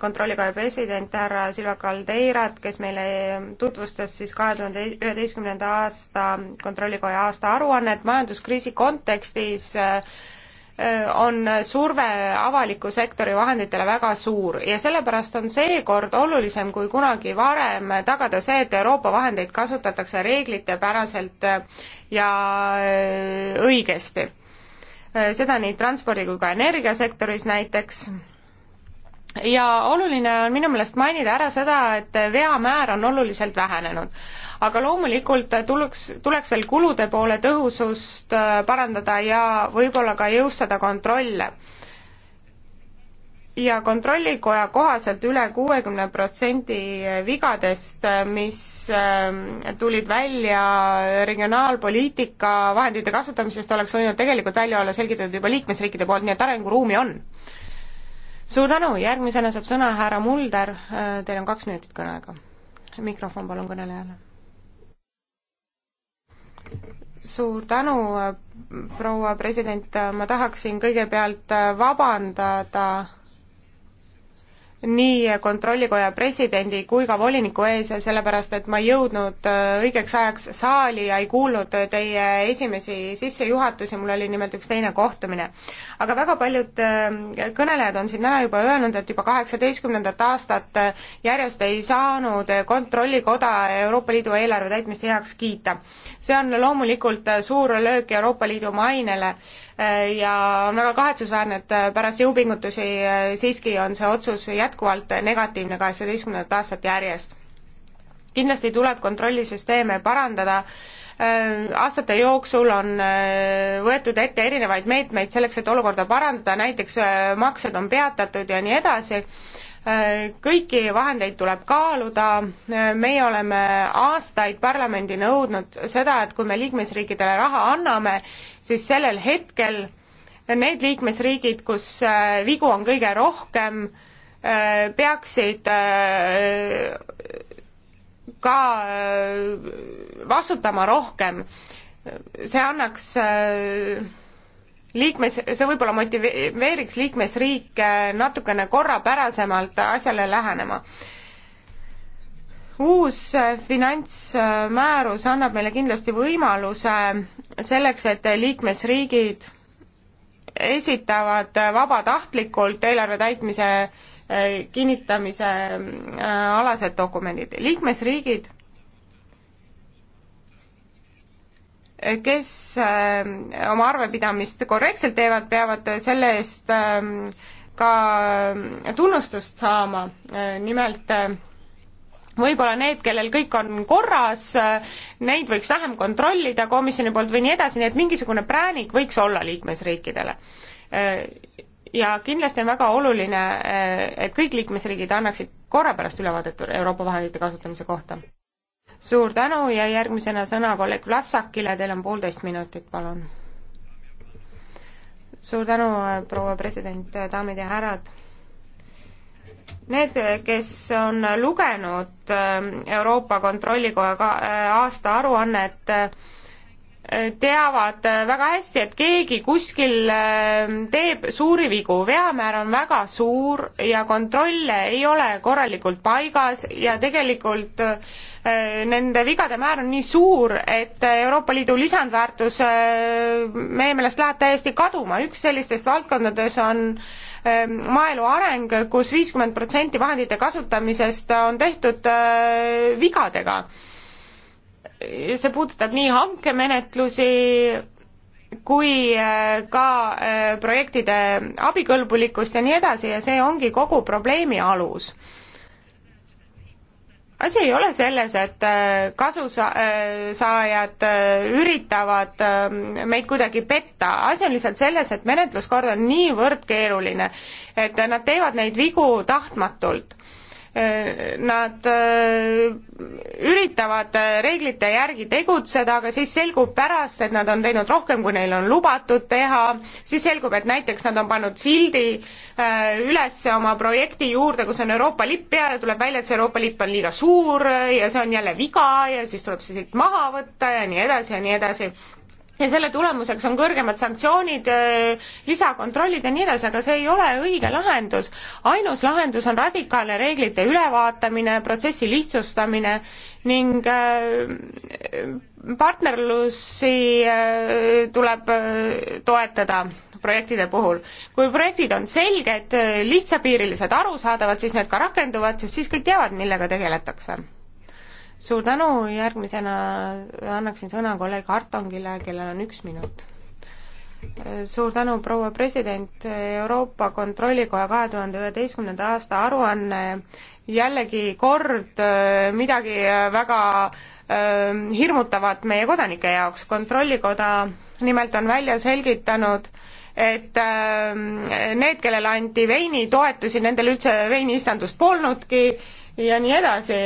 kontrollikoja president härra Silva Caldeirat, kes meile tutvustas siis kahe tuhande üheteistkümnenda aasta kontrollikoja aastaaruannet majanduskriisi kontekstis äh, on surve avaliku sektori vahenditele väga suur ja sellepärast on seekord olulisem kui kunagi varem tagada see, et Euroopa vahendeid kasutatakse reeglitepäraselt ja äh, õigesti Äh, seda nii transpordi kui ka energiasektoris näiteks ja oluline on minu meelest mainida ära seda, et veamäär on oluliselt vähenenud. aga loomulikult tuleks, tuleks veel kulude poole tõhusust äh, parandada ja võib-olla ka jõustada kontrolle ja kontrollikoja kohaselt üle kuuekümne protsendi vigadest, mis ähm, tulid välja regionaalpoliitika vahendite kasutamisest, oleks võinud tegelikult välja olla selgitatud juba liikmesriikide poolt, nii et arenguruumi on. suur tänu, järgmisena saab sõna härra Mulder, äh, teil on kaks minutit kõneaega. mikrofon palun kõnelejale. suur tänu, äh, proua president, äh, ma tahaksin kõigepealt vabandada nii Kontrollikoja presidendi kui ka voliniku ees, sellepärast et ma ei jõudnud äh, õigeks ajaks saali ja ei kuulnud teie esimesi sissejuhatusi, mul oli nimelt üks teine kohtumine. aga väga paljud äh, kõnelejad on siin täna juba öelnud, et juba kaheksateistkümnendat aastat äh, järjest ei saanud Kontrollikoda Euroopa Liidu eelarve täitmist heaks kiita. see on loomulikult suur löök Euroopa Liidu mainele ja on väga kahetsusväärne, et pärast jõupingutusi äh, siiski on see otsus jätkuvalt negatiivne kaheksateistkümnendat aastat järjest. kindlasti tuleb kontrollisüsteeme parandada, äh, aastate jooksul on äh, võetud ette erinevaid meetmeid selleks, et olukorda parandada, näiteks maksed on peatatud ja nii edasi, kõiki vahendeid tuleb kaaluda, meie oleme aastaid parlamendi nõudnud seda, et kui me liikmesriikidele raha anname, siis sellel hetkel need liikmesriigid, kus äh, vigu on kõige rohkem, äh, peaksid äh, ka vastutama rohkem. see annaks liikmes, see võib-olla motiveeriks liikmesriike natukene korrapärasemalt asjale lähenema. uus finantsmäärus annab meile kindlasti võimaluse selleks, et liikmesriigid esitavad vabatahtlikult eelarve täitmise eh, kinnitamise eh, alased dokumendid. liikmesriigid kes äh, oma arvepidamist korrektselt teevad, peavad selle eest ähm, ka äh, tunnustust saama, äh, nimelt võib-olla need, kellel kõik on korras, neid võiks vähem kontrollida komisjoni poolt või nii edasi, nii et mingisugune präänik võiks olla liikmesriikidele. ja kindlasti on väga oluline, et kõik liikmesriigid annaksid korrapärast ülevaadet Euroopa vahendite kasutamise kohta suur tänu ja järgmisena sõna kolleeg Vlasakile, teil on poolteist minutit, palun. suur tänu, proua president, daamid ja härrad Need, kes on lugenud äh, Euroopa Kontrollikoja äh, aasta aruannet, äh, teavad väga hästi, et keegi kuskil äh, teeb suuri vigu, veamäär on väga suur ja kontrolle ei ole korralikult paigas ja tegelikult äh, nende vigade määr on nii suur, et Euroopa Liidu lisandväärtus äh, meie meelest läheb täiesti kaduma, üks sellistest valdkondades on ähm, maaelu areng kus, kus viiskümmend protsenti vahendite kasutamisest on tehtud vigadega see puudutab nii hankemenetlusi kui äh, ka äh, projektide abikõlbulikkust ja nii edasi ja see ongi kogu probleemi alus asi ei ole selles, et äh, kasusaajad üritavad meid kuidagi petta, asi on lihtsalt selles, et menetluskord on niivõrd keeruline, et nad teevad neid vigu tahtmatult nad äh, üritavad äh, reeglite järgi tegutseda, aga siis selgub pärast, et nad on teinud rohkem, kui neil on lubatud teha, siis selgub, et näiteks nad on pannud sildi äh, üles oma projekti juurde, kus on Euroopa lipp peal ja tuleb välja, et see Euroopa lipp on liiga suur ja see on jälle viga ja siis tuleb see siit maha võtta ja nii edasi ja nii edasi ja selle tulemuseks on kõrgemad sanktsioonid, äh, lisakontrollid ja nii edasi, aga see ei ole õige lahendus. ainus lahendus on radikaalne reeglite ülevaatamine, protsessi lihtsustamine ning äh, partnerlusi äh, tuleb toetada projektide puhul. kui projektid on selged, lihtsapiirilised, arusaadavad, siis need ka rakenduvad, sest siis kõik teavad, millega tegeletakse suur tänu, järgmisena annaksin sõna kolleeg Hartongile, kellel on üks minut. suur tänu, proua president, Euroopa Kontrollikoja kahe tuhande üheteistkümnenda aasta aruanne jällegi kord äh, midagi äh, väga äh, hirmutavat meie kodanike jaoks, Kontrollikoda nimelt on välja selgitanud, et need, kellele anti veinitoetusi, nendel üldse veiniistandust polnudki ja nii edasi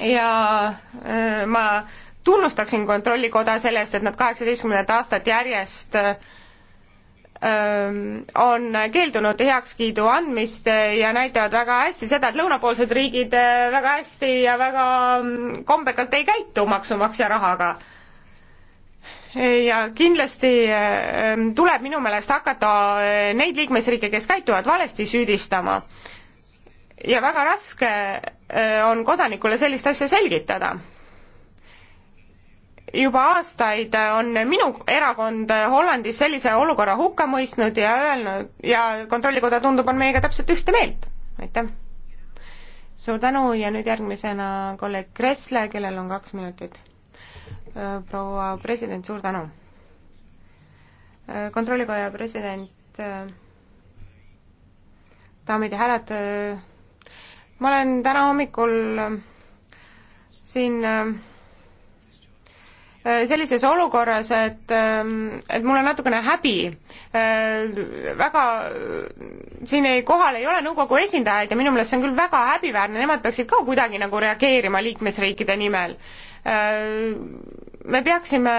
ja äh, ma tunnustaksin Kontrollikoda selle eest, et nad kaheksateistkümnendat aastat järjest äh, on keeldunud heakskiidu andmist ja näitavad väga hästi seda, et lõunapoolsed riigid äh, väga hästi ja väga mm, kombekalt ei käitu maksumaksja rahaga. ja kindlasti tuleb minu meelest hakata neid liikmesriike, kes käituvad valesti, süüdistama. ja väga raske Äh, on kodanikule sellist asja selgitada. juba aastaid on minu erakond Hollandis sellise olukorra hukka mõistnud ja öelnud ja Kontrollikoda tundub, on meiega täpselt ühte meelt. aitäh! suur tänu ja nüüd järgmisena kolleeg Kressle, kellel on kaks minutit. Äh, proua president, suur tänu! Äh, kontrollikoja president, daamid ja härrad, ma olen täna hommikul äh, siin äh, sellises olukorras, et, äh, et mul on natukene häbi. väga, siin ei, kohal ei ole nõukogu esindajaid ja minu meelest see on küll väga häbiväärne, nemad peaksid ka kuidagi nagu reageerima liikmesriikide nimel. me peaksime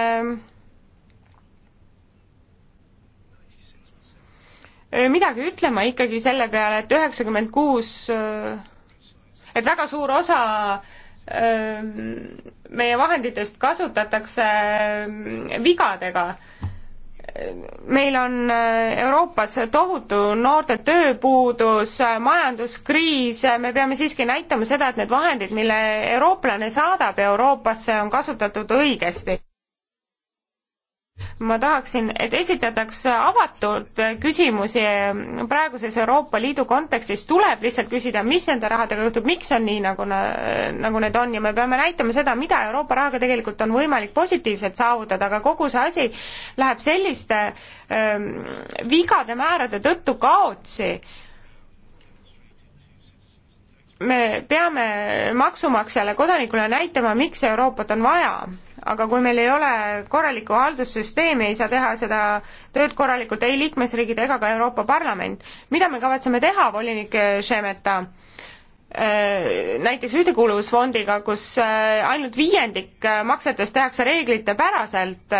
midagi ütlema ikkagi selle peale, et üheksakümmend kuus et väga suur osa ähm, meie vahenditest kasutatakse ähm, vigadega. meil on äh, Euroopas tohutu noorte tööpuudus, äh, majanduskriis, äh, me peame siiski näitama seda, et need vahendid, mille eurooplane saadab Euroopasse, on kasutatud õigesti ma tahaksin, et esitataks avatud küsimusi praeguses Euroopa Liidu kontekstis, tuleb lihtsalt küsida, mis nende rahadega juhtub, miks on nii, nagu na-, nagu need on ja me peame näitama seda, mida Euroopa rahaga tegelikult on võimalik positiivselt saavutada, aga kogu see asi läheb selliste ähm, vigade määrade tõttu kaotsi me peame maksumaksjale, kodanikule näitama, miks Euroopat on vaja aga kui meil ei ole korralikku haldussüsteemi, ei saa teha seda tööd korralikult ei liikmesriigid ega ka Euroopa Parlament. mida me kavatseme teha, volinik Šemeta? Äh, näiteks Ühtekuuluvusfondiga, kus äh, ainult viiendik äh, maksetest tehakse reeglitepäraselt,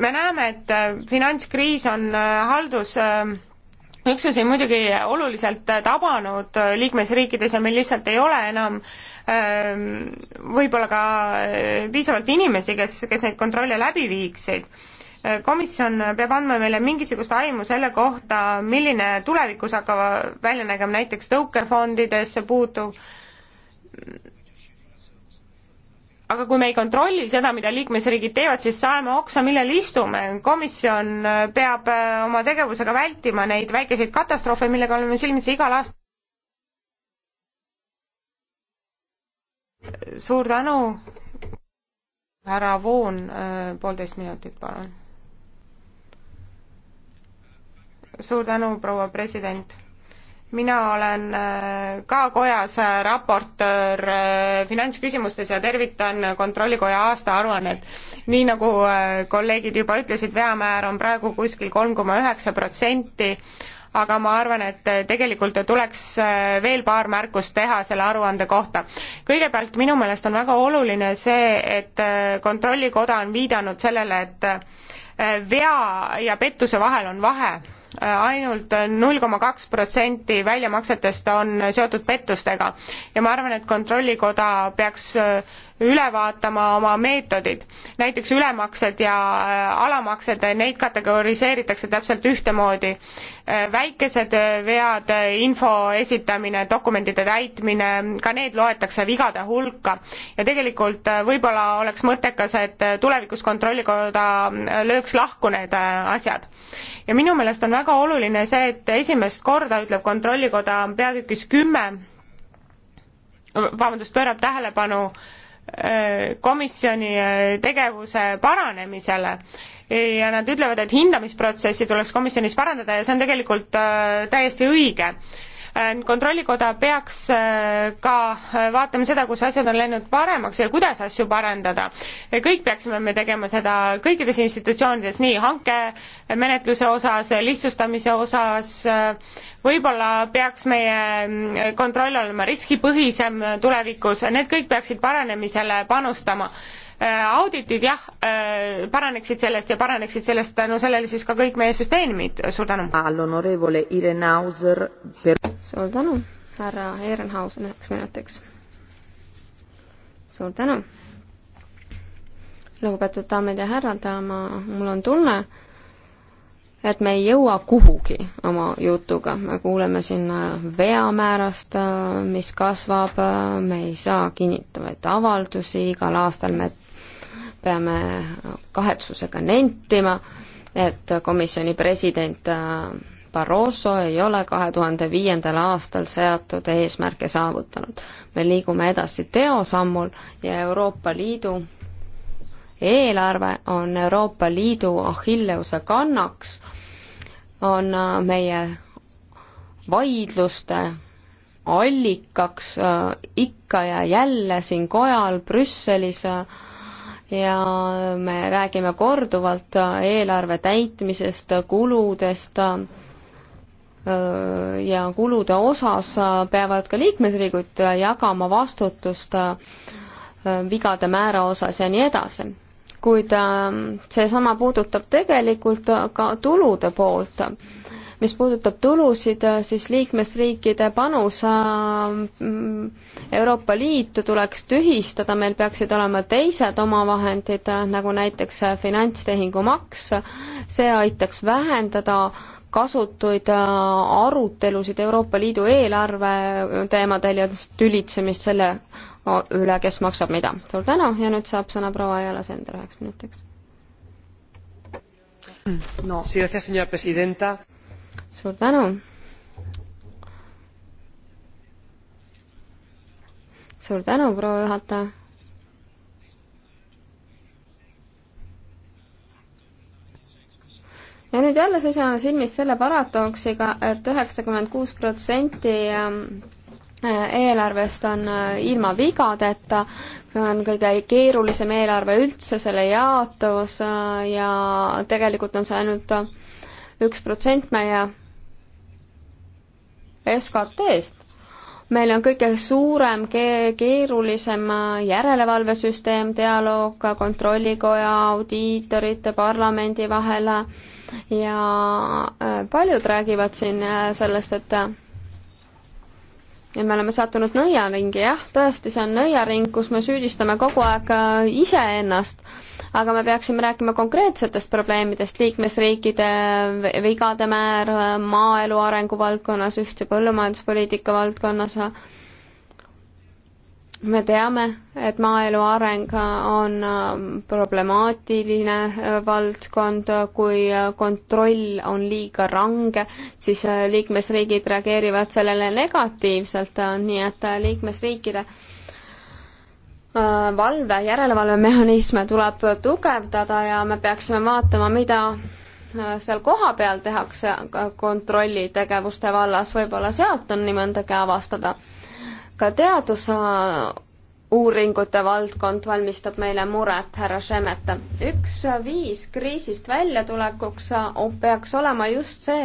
me näeme, et finantskriis on haldus üksusi muidugi oluliselt tabanud liikmesriikides ja meil lihtsalt ei ole enam Ehm, võib-olla ka eh, piisavalt inimesi, kes, kes neid kontrolle läbi viiksid eh, komisjon peab andma meile mingisugust aimu selle kohta, milline tulevikus hakkab välja nägema näiteks tõukefondidesse puutuv. aga kui me ei kontrolli seda, mida liikmesriigid teevad, siis saeme oksa, millel istume. komisjon eh, peab oma tegevusega vältima neid väikeseid katastroofe, millega oleme silmitsi igal aastal. suur tänu, härra Voon, äh, poolteist minutit, palun. suur tänu, proua president. mina olen äh, ka kojas raportöör äh, finantsküsimustes ja tervitan Kontrollikoja aastaaruannet. nii nagu kolleegid juba ütlesid, veamäär on praegu kuskil kolm koma üheksa protsenti, aga ma arvan, et eh, tegelikult tuleks eh, veel paar märkust teha selle aruande kohta. kõigepealt minu meelest on väga oluline see, et eh, Kontrollikoda on viidanud sellele, et vea ja pettuse vahel on vahe ainult null koma kaks protsenti väljamaksetest on seotud pettustega ja ma arvan, et Kontrollikoda peaks üle vaatama oma meetodid. näiteks ülemaksed ja äh, alamaksed, neid kategoriseeritakse täpselt ühtemoodi. Äh, väikesed äh, vead, info esitamine, dokumentide täitmine, ka need loetakse vigade hulka. ja tegelikult võib-olla oleks mõttekas, et tulevikus Kontrollikoda lööks lahku need asjad. ja minu meelest on väga oluline see, et esimest korda ütleb Kontrollikoda peatükis kümme, vabandust, pöörab tähelepanu äh, Äh, komisjoni äh, tegevuse paranemisele ja nad ütlevad, et hindamisprotsessi tuleks komisjonis parandada ja see on tegelikult äh, täiesti õige Äh, kontrollikoda peaks äh, ka äh, vaatama seda, kus asjad on läinud paremaks ja kuidas asju parandada. kõik peaksime me tegema seda kõikides institutsioonides, nii hankemenetluse osas, lihtsustamise osas, võib-olla peaks meie mm, kontroll olema riskipõhisem tulevikus, need kõik peaksid paranemisele panustama Äh, auditid jah, äh, paraneksid sellest ja paraneksid sellest tänu no sellele siis ka kõik meie süsteemid, suur tänu. suur tänu, härra Ehrenhausen üheks minutiks. suur tänu. lugupeetud daamid ja härrad, ma, mul on tunne, et me ei jõua kuhugi oma jutuga, me kuuleme siin äh, veamäärast, mis kasvab, me ei saa kinnitavaid avaldusi, igal aastal me peame kahetsusega nentima, et komisjoni president äh, Barroso ei ole kahe tuhande viiendal aastal seatud eesmärke saavutanud. me liigume edasi teosammul ja Euroopa Liidu eelarve on Euroopa Liidu Achilleuse kannaks, on äh, meie vaidluste allikaks äh, ikka ja jälle siin kojal Brüsselis äh, ja me räägime korduvalt eelarve täitmisest, kuludest ja kulude osas peavad ka liikmesriigid jagama vastutust vigade määra osas ja nii edasi. kuid ähm, seesama puudutab tegelikult ka tulude poolt mis puudutab tulusid, siis liikmesriikide panus äh, mm, Euroopa Liitu tuleks tühistada, meil peaksid olema teised omavahendid, äh, nagu näiteks äh, finantstehingumaks, see aitaks vähendada kasutuid arutelusid Euroopa Liidu eelarve teemadel ja tülitsemist selle üle, kes maksab mida. suur tänu ja nüüd saab sõna proua Ajala Sender üheks minutiks no suur tänu. suur tänu, proua juhataja. ja nüüd jälle seisame silmis selle paradoksiga et, et üheksakümmend kuus protsenti ähm, äh, eelarvest on äh, ilma vigadeta, on kõige keerulisem eelarve üldse, selle jaotus äh, ja tegelikult on see ainult üks protsent meie SKT-st. meil on kõige suurem, keerulisem järelevalvesüsteem, dialoog kontrollikoja, audiitorite, parlamendi vahel ja äh, paljud räägivad siin äh, sellest, et ja me oleme sattunud nõiaringi, jah, tõesti, see on nõiaring, kus me süüdistame kogu aeg äh, iseennast aga me peaksime rääkima konkreetsetest probleemidest, liikmesriikide vigade määr maaelu arengu valdkonnas, ühtse põllumajanduspoliitika valdkonnas. me teame, et maaelu areng on ähm, problemaatiline äh, valdkond, kui äh, kontroll on liiga range, siis äh, liikmesriigid reageerivad sellele negatiivselt, nii et liikmesriikide Äh, valve, järelevalvemehhanisme tuleb tugevdada ja me peaksime vaatama, mida äh, seal kohapeal tehakse kontrollitegevuste vallas, võib-olla sealt on nii mõndagi avastada. ka teadusuuringute valdkond valmistab meile muret, härra Šemeta. üks viis kriisist väljatulekuks äh, peaks olema just see,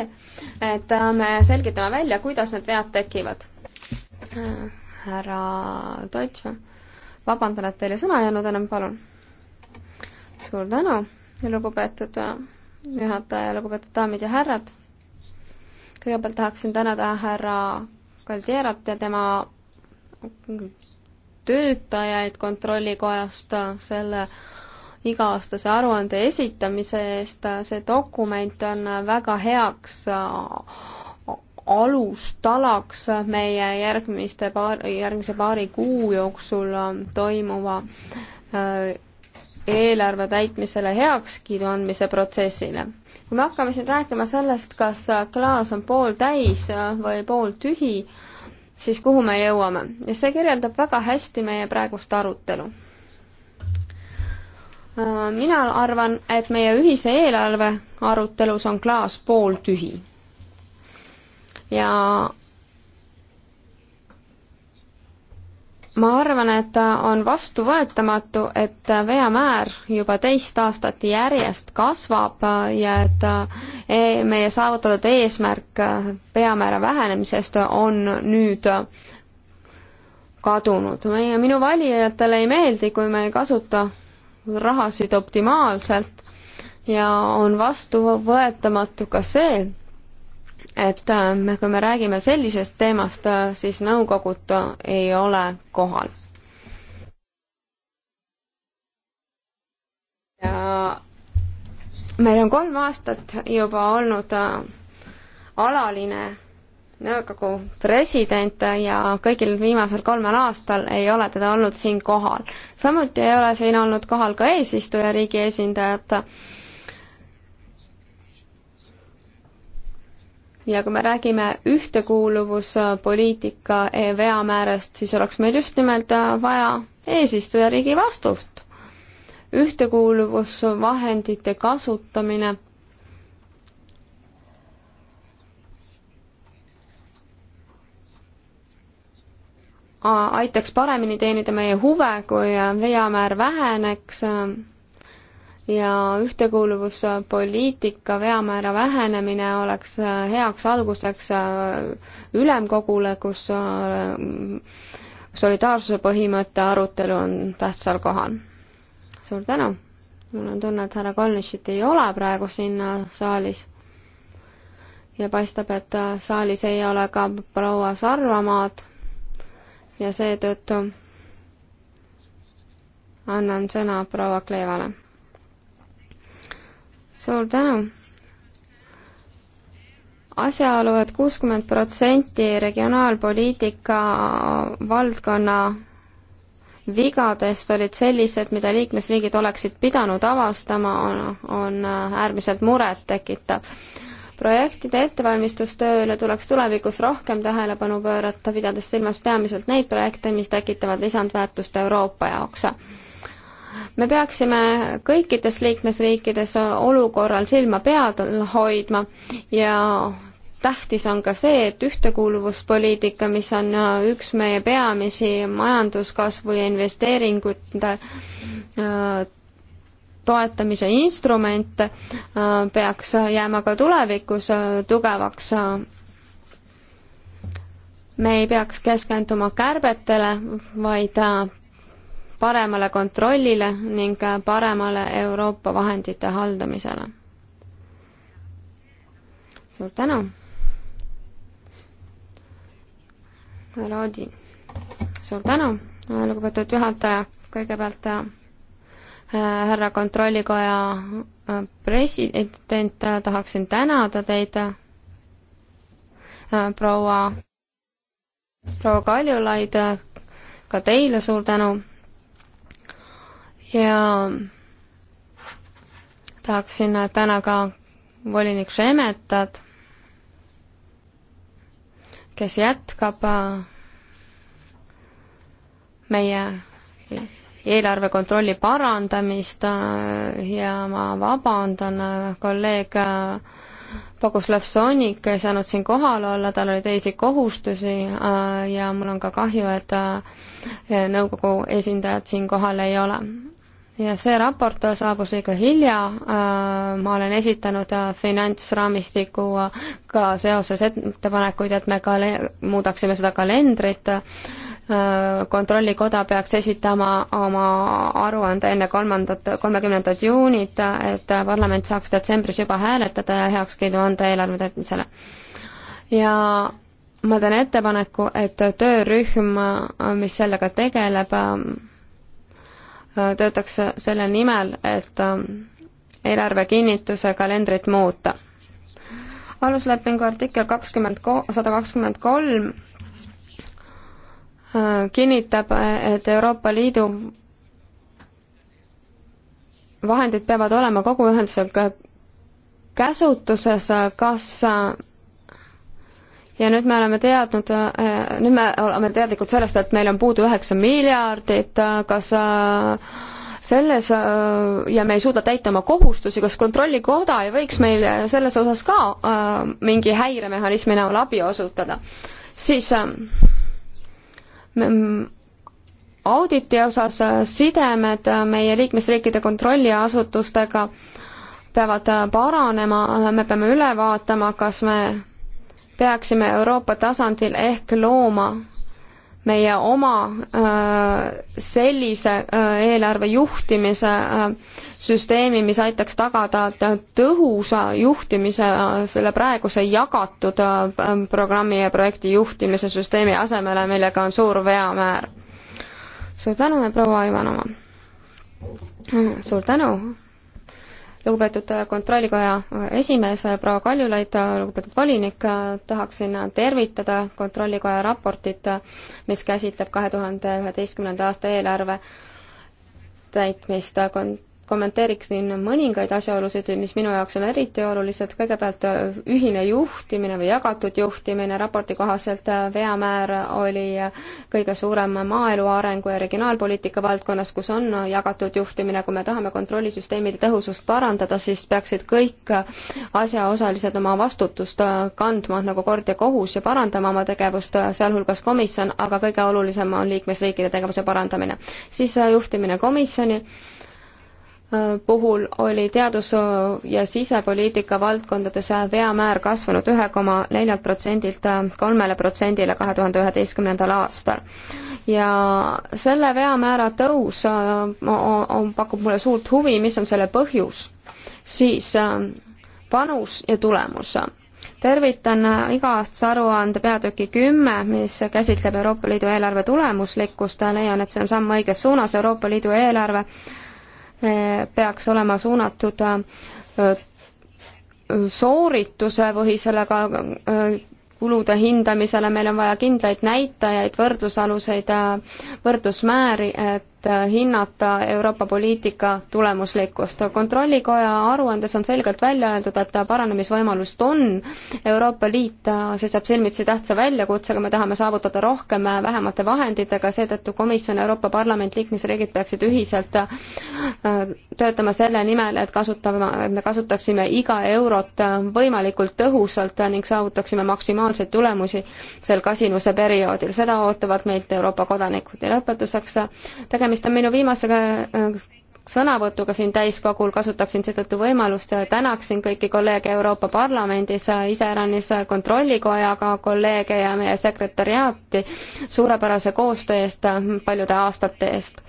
et me selgitame välja, kuidas need vead tekivad. härra Deutsch või? vabandan, et teile sõna ei andnud enam, palun. suur tänu, lugupeetud äh, juhataja, lugupeetud daamid ja härrad. kõigepealt tahaksin tänada härra Kaldierat ja tema töötajaid kontrollikojast äh, selle iga-aastase aruande esitamise eest. Äh, see dokument on väga heaks alustalaks meie järgmiste paar, järgmise paari kuu jooksul ähm, toimuva äh, eelarve täitmisele heakskiidu andmise protsessile. kui me hakkame siin rääkima sellest, kas äh, klaas on pooltäis äh, või pooltühi, siis kuhu me jõuame ja see kirjeldab väga hästi meie praegust arutelu. mina arvan, et meie ühise eelarve arutelus on klaas pooltühi ja ma arvan, et on vastuvõetamatu, et veamäär juba teist aastat järjest kasvab ja et e-, meie saavutatud eesmärk veamäära vähenemisest on nüüd kadunud. meie, minu valijatele ei meeldi, kui me ei kasuta rahasid optimaalselt ja on vastuvõetamatu ka see, et ähm, kui me räägime sellisest teemast, äh, siis nõukogud äh, ei ole kohal. ja meil on kolm aastat juba olnud äh, alaline nõukogu president ja kõigil viimasel kolmel aastal ei ole teda olnud siin kohal. samuti ei ole siin olnud kohal ka eesistujariigi esindajat ja kui me räägime ühtekuuluvuspoliitika veamäärast, siis oleks meil just nimelt vaja eesistujariigi vastust. ühtekuuluvusvahendite kasutamine aitaks paremini teenida meie huve, kui veamäär väheneks ja ühtekuuluvuspoliitika veamäära vähenemine oleks äh, heaks alguseks äh, ülemkogule, kus äh, solidaarsuse põhimõtte arutelu on tähtsal kohal. suur tänu! mul on tunne, et härra Kolnišit ei ole praegu siin saalis ja paistab, et saalis ei ole ka proua Sarvamaad ja seetõttu annan sõna proua Kleevale suur tänu! asjaolu et, et kuuskümmend protsenti regionaalpoliitika valdkonna vigadest olid sellised, mida liikmesriigid oleksid pidanud avastama, on, on äärmiselt murettekitav. projektide ettevalmistustööle tuleks tulevikus rohkem tähelepanu pöörata, pidades silmas peamiselt neid projekte, mis tekitavad lisandväärtust Euroopa jaoks me peaksime kõikides liikmesriikides olukorral silma peal hoidma ja tähtis on ka see, et ühtekuuluvuspoliitika, mis on üks meie peamisi majanduskasvu ja investeeringute äh, toetamise instrument äh, peaks jääma ka tulevikus äh, tugevaks. me ei peaks keskenduma kärbetele, vaid paremale kontrollile ning paremale Euroopa vahendite haldamisele. suur tänu! härra Odi, suur tänu, lugupeetud juhataja, kõigepealt äh, härra Kontrollikoja äh, president, äh, tahaksin tänada teid, proua, proua Kaljulaid, ka teile suur tänu ja tahaksin täna ka volinik Šemetat, kes jätkab äh, meie eelarve kontrolli parandamist äh, ja ma vabandan, äh, kolleeg Boguslav Sonik ei saanud siin kohal olla, tal oli teisi kohustusi ja mul on ka kahju, et nõukogu esindajad siin kohal ei ole ja see raport saabus liiga hilja, äh, ma olen esitanud äh, finantsraamistikuga äh, seoses ettepanekuid, et me kale-, muudaksime seda kalendrit, kontrollikoda peaks esitama oma aruande enne kolmandat, kolmekümnendat juunit, et parlament saaks detsembris juba hääletada ja heakskiidu anda eelarve täitmisele. ja ma teen ettepaneku, et töörühm, mis sellega tegeleb, Äh, töötaks selle nimel, et äh, eelarve kinnituse kalendrit muuta. aluslepingu artikkel kakskümmend ko-, sada kakskümmend kolm äh, kinnitab, et Euroopa Liidu vahendid peavad olema kogu ühenduse käsutuses, kas ja nüüd me oleme teadnud, äh, nüüd me oleme teadlikud sellest, et meil on puudu üheksa miljardit, äh, kas äh, selles ja me ei suuda täita oma kohustusi, kas Kontrollikoda ei võiks meil selles osas ka mingi häiremehhanismi näol abi osutada? siis auditi osas sidemed meie liikmesriikide kontrolliasutustega peavad paranema, me peame üle vaatama, kas me peaksime Euroopa tasandil ehk looma meie oma äh, sellise äh, eelarve juhtimise äh, süsteemi, mis aitaks tagada tõhusa juhtimise selle praeguse jagatud programmi ja projekti juhtimise süsteemi asemele, millega on suur veamäär. suur tänu ja proua Ivanova! suur tänu! lugupeetud äh, Kontrollikoja äh, esimees äh, proua Kaljulaid, lugupeetud volinik, tahaksin tervitada Kontrollikoja raportit, mis käsitleb kahe tuhande üheteistkümnenda aasta eelarve täitmist kommenteeriksin mõningaid asjaolusid, mis minu jaoks on eriti olulised, kõigepealt äh, ühine juhtimine või jagatud juhtimine, raporti kohaselt äh, veamäär oli äh, kõige suurem maaelu arengu ja regionaalpoliitika valdkonnas, kus on jagatud juhtimine, kui me tahame kontrollisüsteemide tõhusust parandada, siis peaksid kõik asjaosalised oma vastutust kandma nagu kord ja kohus ja parandama oma tegevust, sealhulgas komisjon, aga kõige olulisem on liikmesriikide tegevuse parandamine. siis juhtimine komisjoni Äh, puhul oli teadus- ja sisepoliitika valdkondades äh, veamäär kasvanud ühe koma neljalt protsendilt äh, kolmele protsendile kahe tuhande üheteistkümnendal aastal. ja selle veamäära tõus on, pakub mulle suurt huvi, mis on selle põhjus. siis panus ja tulemus tervitan iga-aastase aruande peatüki kümme, mis käsitleb Euroopa Liidu eelarve tulemuslikkust, leian, et see on samm õiges suunas, Euroopa Liidu eelarve Äh, peaks olema suunatud äh, sooritusepõhisele äh, kulude hindamisele, meil on vaja kindlaid näitajaid, võrdlusaluseid, võrdlusmääri, et et äh, hinnata Euroopa poliitika tulemuslikkust. kontrollikoja aruandes on selgelt välja öeldud, et paranemisvõimalust on, Euroopa Liit äh, seisab silmitsi tähtsa väljakutsega, me tahame saavutada rohkem äh, vähemate vahenditega, seetõttu komisjon, Euroopa Parlament, liikmesriigid peaksid ühiselt töötama selle nimel, et kasutama, et me kasutaksime iga eurot võimalikult tõhusalt ning saavutaksime maksimaalseid tulemusi sel kasinuse perioodil. seda ootavad meilt Euroopa kodanikud ja lõpetuseks tegemist tegemist on minu viimase äh, sõnavõtuga siin täiskogul, kasutaksin seetõttu võimalust, tänaksin kõiki kolleege Euroopa Parlamendis, iseäranis Kontrollikojaga kolleege ja meie sekretäriaati suurepärase koostöö eest paljude aastate eest.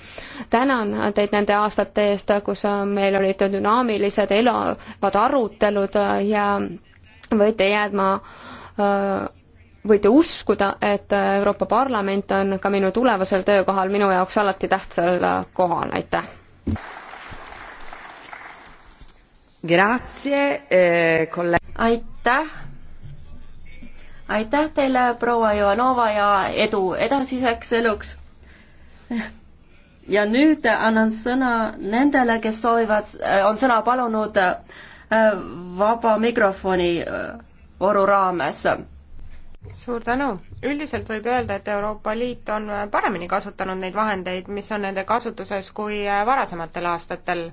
tänan teid nende aastate eest, kus meil olid dünaamilised, elavad arutelud ja võite jäädma äh, võite uskuda, et Euroopa Parlament on ka minu tulevasel töökohal minu jaoks alati tähtsal kohal, aitäh! Eh, aitäh! aitäh teile, proua Joanova ja edu edasiseks eluks! ja nüüd annan sõna nendele, kes soovivad, eh, on sõna palunud eh, vaba mikrofoni voru raames suur tänu. üldiselt võib öelda, et Euroopa Liit on paremini kasutanud neid vahendeid, mis on nende kasutuses, kui varasematel aastatel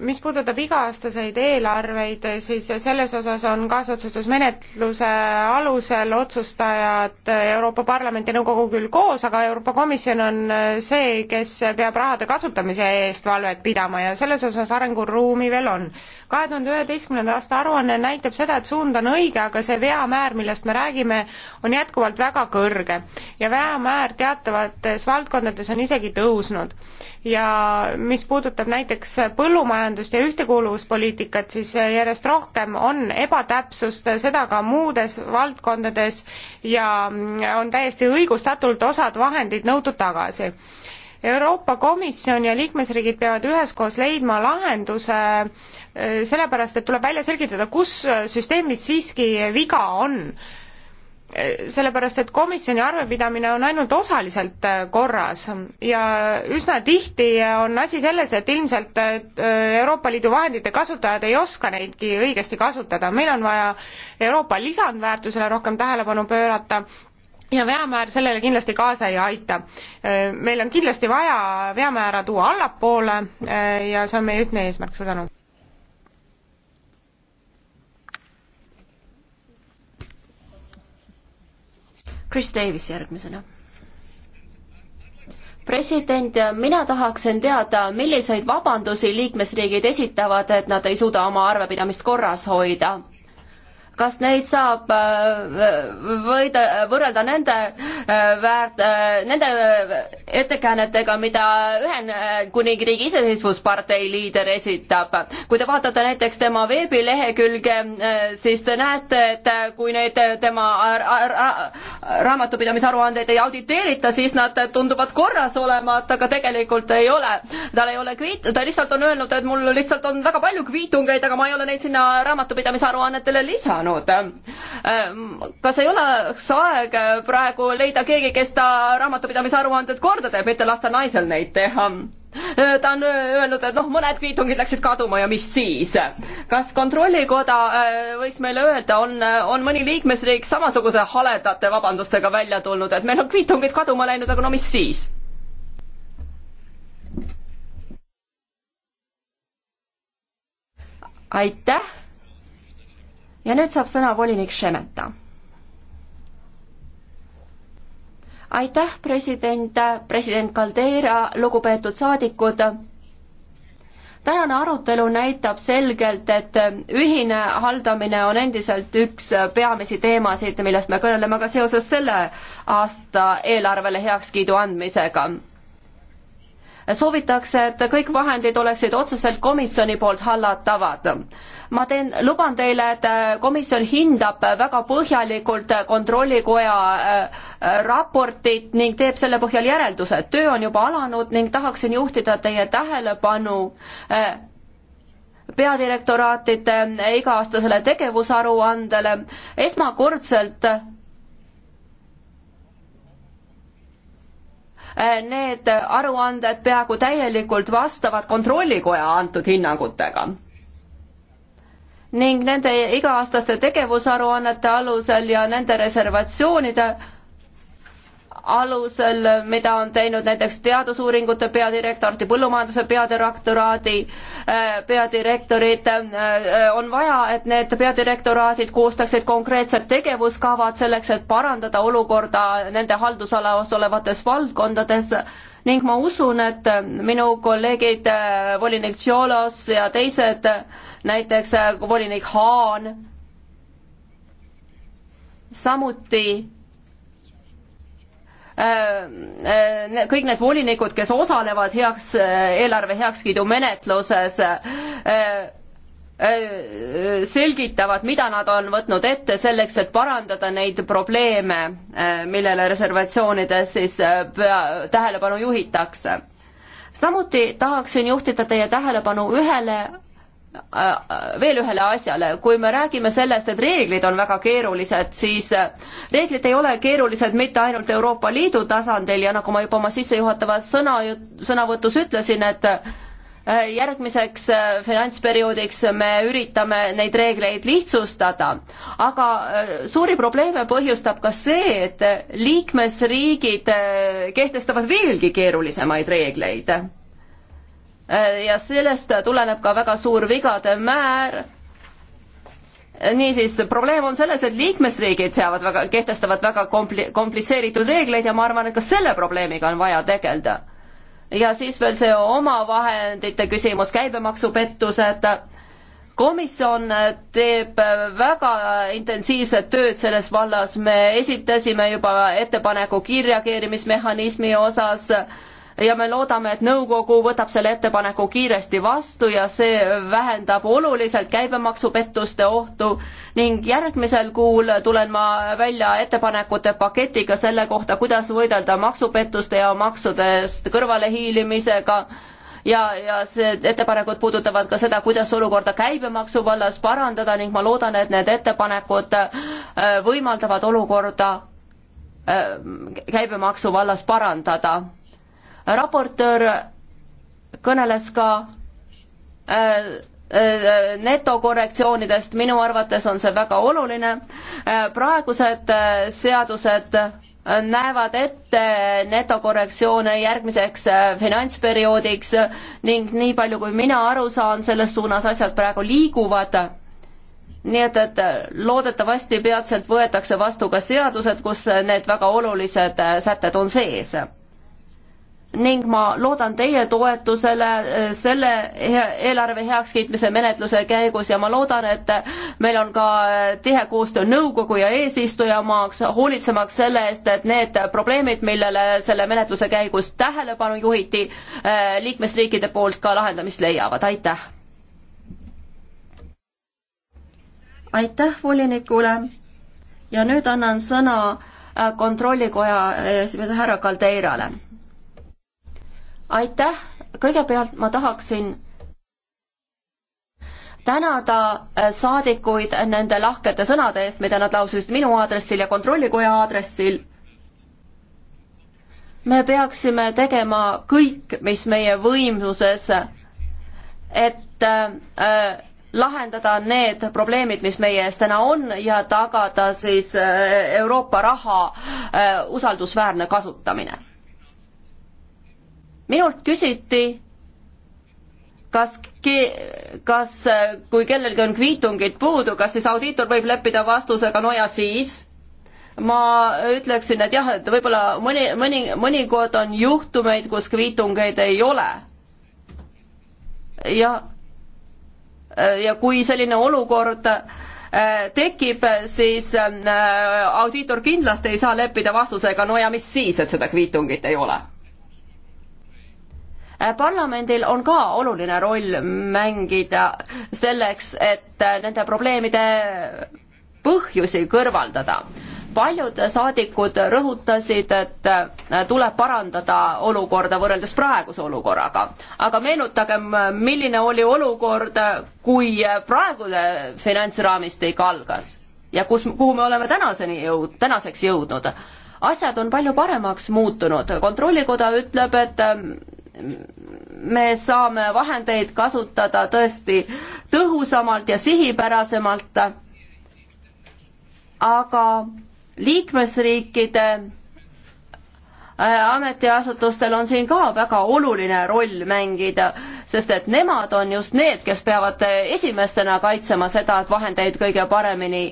mis puudutab iga-aastaseid eelarveid, siis selles osas on kaasotsustusmenetluse alusel otsustajad Euroopa Parlamenti nõukogu küll koos, aga Euroopa Komisjon on see, kes peab rahade kasutamise eest valvet pidama ja selles osas arenguruumi veel on. kahe tuhande üheteistkümnenda aasta aruanne näitab seda, et suund on õige, aga see veamäär, millest me räägime, on jätkuvalt väga kõrge ja veamäär teatavates valdkondades on isegi tõusnud ja mis puudutab näiteks põllumajandust ja ühtekuuluvuspoliitikat, siis järjest rohkem on ebatäpsust, seda ka muudes valdkondades ja on täiesti õigustatult osad vahendid nõutud tagasi Euroopa Komisjon ja liikmesriigid peavad üheskoos leidma lahenduse eh, sellepärast, et tuleb välja selgitada, kus süsteemis siiski viga on sellepärast, et komisjoni arvepidamine on ainult osaliselt äh, korras ja üsna tihti on asi selles, et ilmselt äh, Euroopa Liidu vahendite kasutajad ei oska neidki õigesti kasutada, meil on vaja Euroopa lisandväärtusele rohkem tähelepanu pöörata ja veamäär sellele kindlasti kaasa ei aita. Äh, meil on kindlasti vaja veamäära tuua allapoole ja see on meie ühtne eesmärk, suur tänu! Chris Davis järgmisena. president, mina tahaksin teada, milliseid vabandusi liikmesriigid esitavad, et nad ei suuda oma arvepidamist korras hoida kas neid saab äh, võida, võrrelda nende äh, väärt, äh, nende ettekäänetega, mida Ühendkuningriigi iseseisvuspartei liider esitab. kui te vaatate näiteks tema veebilehekülge, siis te näete, et kui neid tema ra ra raamatupidamisaruandeid ei auditeerita, siis nad tunduvad korras olevat, aga tegelikult ei ole. tal ei ole kviit-, ta lihtsalt on öelnud, et mul lihtsalt on väga palju kviitungeid, aga ma ei ole neid sinna raamatupidamisaruannetele lisanud pidanud. kas ei oleks aeg praegu leida keegi, kes ta raamatupidamise aruanded korda teeb, mitte lasta naisel neid teha? ta on öelnud, et noh, mõned kviitungid läksid kaduma ja mis siis. kas Kontrollikoda äh, võiks meile öelda, on, on mõni liikmesriik samasuguse haledate vabandustega välja tulnud, et meil on kviitungid kaduma läinud, aga no mis siis? aitäh ja nüüd saab sõna volinik Šemeta. aitäh, president, president Caldeira, lugupeetud saadikud. tänane arutelu näitab selgelt, et ühine haldamine on endiselt üks peamisi teemasid, millest me kõneleme ka seoses selle aasta eelarvele heakskiidu andmisega soovitakse, et kõik vahendid oleksid otseselt komisjoni poolt hallatavad. ma teen, luban teile, et äh, komisjon hindab äh, väga põhjalikult äh, Kontrollikoja raportit ning teeb selle põhjal järeldused. töö on juba alanud ning tahaksin juhtida teie tähelepanu peadirektoraatide iga-aastasele tegevusaruandele. esmakordselt Eh, need aruanded peaaegu täielikult vastavad Kontrollikoja antud hinnangutega ning nende iga-aastaste tegevusaruannete alusel ja nende reservatsioonide alusel, mida on teinud näiteks teadusuuringute peadirektorati, põllumajanduse peadirektoraadi, äh, peadirektorid, äh, on vaja, et need peadirektoraadid koostaksid konkreetsed tegevuskavad selleks, et parandada olukorda nende haldusalas olevates valdkondades ning ma usun, et minu kolleegid äh, volinik Tšolos ja teised, näiteks volinik Haan, samuti Äh, äh, kõik need volinikud, kes osalevad heaks, äh, eelarve heakskiidu menetluses, selgitavad, mida nad on võtnud ette selleks, et parandada neid probleeme, millele reservatsioonides siis pea, tähelepanu juhitakse. samuti tahaksin juhtida teie tähelepanu ühele Äh, äh, veel ühele asjale, kui me räägime sellest, et reeglid on väga keerulised, siis äh, reeglid ei ole keerulised mitte ainult Euroopa Liidu tasandil ja nagu ma juba oma sissejuhatavas sõna, sõnavõtus ütlesin, et järgmiseks finantsperioodiks me üritame neid reegleid lihtsustada, aga suuri probleeme põhjustab ka see, et liikmesriigid kehtestavad veelgi keerulisemaid reegleid Äh, ja sellest tuleneb ka väga suur vigade määr niisiis, probleem on selles, et liikmesriigid seavad väga, kehtestavad väga kompli-, komplitseeritud reegleid ja ma arvan, et ka selle probleemiga on vaja tegeleda. ja siis veel see omavahendite küsimus, käibemaksupettused, komisjon teeb väga intensiivset tööd selles vallas, me esitasime juba ettepaneku kiirreageerimismehhanismi osas äh,, ja me loodame, et nõukogu võtab selle ettepaneku kiiresti vastu ja see vähendab oluliselt käibemaksupettuste ohtu ning järgmisel kuul tulen ma välja ettepanekute paketiga selle kohta, kuidas võidelda maksupettuste ja maksudest kõrvalehiilimisega ja, ja see ettepanekud puudutavad ka seda, kuidas olukorda käibemaksu vallas parandada ning ma loodan, et need ettepanekud äh, võimaldavad olukorda äh, käibemaksu vallas parandada raportöör kõneles ka äh, äh netokorrektsioonidest, minu arvates on see väga oluline. Äh, praegused äh, seadused näevad ette netokorrektsioone järgmiseks finantsperioodiks ning nii palju, kui mina aru saan, selles suunas asjad praegu liiguvad. nii et, et loodetavasti peatselt võetakse vastu ka seadused, kus need väga olulised sätted on sees ning ma loodan teie toetusele äh, selle eelarve heakskiitmise menetluse käigus ja ma loodan, et meil on ka äh, tihe koostöö nõukogu ja eesistujamaaks, hoolitsemaks selle eest, et need probleemid, millele selle menetluse käigus tähelepanu juhiti, äh, liikmesriikide poolt ka lahendamist leiavad, aitäh! aitäh volinikule ja nüüd annan sõna kontrollikoja esimees härra Kaldeirale aitäh, kõigepealt ma tahaksin tänada äh, saadikuid nende lahkete sõnade eest, mida nad laususid minu aadressil ja Kontrollikoja aadressil. me peaksime tegema kõik, mis meie võimuses, et äh, lahendada need probleemid, mis meie ees täna on ja tagada siis äh, Euroopa raha äh, usaldusväärne kasutamine minult küsiti, kas ke-, kas, äh, kui kellelgi on kviitungid puudu, kas siis audiitor võib leppida vastusega no ja siis? ma ütleksin, et jah, et võib-olla mõni, mõni, mõnikord on juhtumeid, kus kviitungeid ei ole. ja, äh, ja kui selline olukord äh, tekib, siis audiitor kindlasti ei saa leppida vastusega no ja mis siis, et seda kviitungit ei ole parlamendil on ka oluline roll mängida selleks, et nende probleemide põhjusi kõrvaldada. paljud saadikud rõhutasid, et tuleb parandada olukorda võrreldes praeguse olukorraga. aga meenutagem, milline oli olukord, kui praegune finantsraamistik algas ja kus, kuhu me oleme tänaseni jõud-, tänaseks jõudnud asjad on palju paremaks muutunud, Kontrollikoda ütleb, et me saame vahendeid kasutada tõesti tõhusamalt ja sihipärasemalt, aga liikmesriikide äh, ametiasutustel on siin ka väga oluline roll mängida, sest et nemad on just need, kes peavad äh, esimestena kaitsema seda, et vahendeid kõige paremini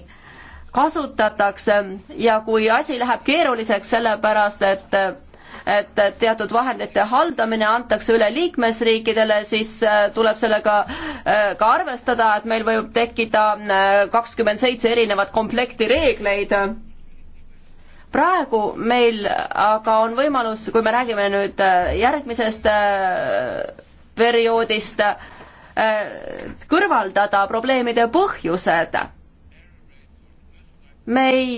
kasutatakse ja kui asi läheb keeruliseks, sellepärast et äh, et teatud vahendite haldamine antakse üle liikmesriikidele, siis äh, tuleb sellega äh, ka arvestada, et meil võib tekkida äh, kakskümmend seitse erinevat komplekti reegleid praegu meil aga on võimalus, kui me räägime nüüd järgmisest perioodist, kõrvaldada probleemide põhjused. me ei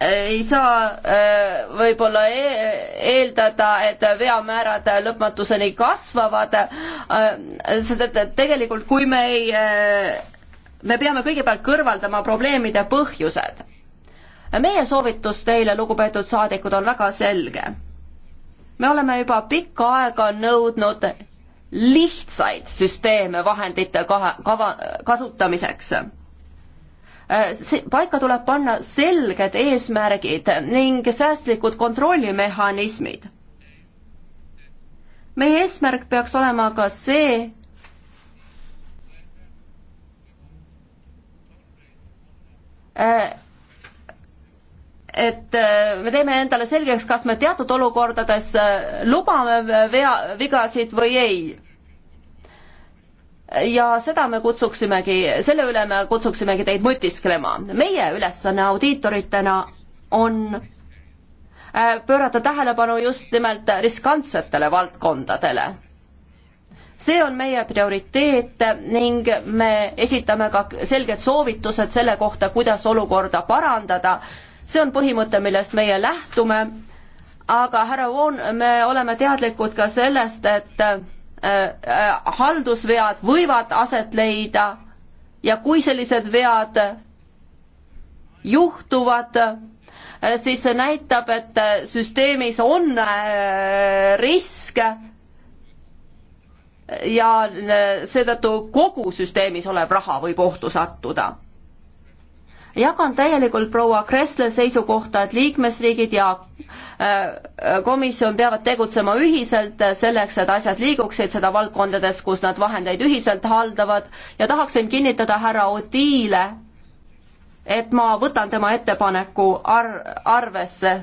ei saa äh, võib-olla e-, eeldada, et veamäärad lõpmatuseni kasvavad, äh, sest et tegelikult kui me ei, äh, me peame kõigepealt kõrvaldama probleemide põhjused. meie soovitus teile, lugupeetud saadikud, on väga selge. me oleme juba pikka aega nõudnud lihtsaid süsteeme vahendite kaha, kava, kasutamiseks Äh, paika tuleb panna selged eesmärgid ning säästlikud kontrollimehhanismid. meie eesmärk peaks olema ka see, äh, et äh, me teeme endale selgeks, kas me teatud olukordades lubame vea, vigasid või ei ja seda me kutsuksimegi, selle üle me kutsuksimegi teid mõtisklema. meie ülesanne audiitoritena on äh, pöörata tähelepanu just nimelt riskantsetele valdkondadele. see on meie prioriteet ning me esitame ka selged soovitused selle kohta, kuidas olukorda parandada. see on põhimõte, millest meie lähtume. aga härra Voon, me oleme teadlikud ka sellest, et haldusvead võivad aset leida ja kui sellised vead juhtuvad, siis see näitab, et süsteemis on äh, risk ja äh, seetõttu kogu süsteemis olev raha võib ohtu sattuda jagan täielikult proua Kressle seisukohta, et liikmesriigid ja äh, komisjon peavad tegutsema ühiselt selleks, et asjad liiguksid seda valdkondades, kus nad vahendeid ühiselt haldavad ja tahaksin kinnitada härra Odile, et ma võtan tema ettepaneku ar-, arvesse.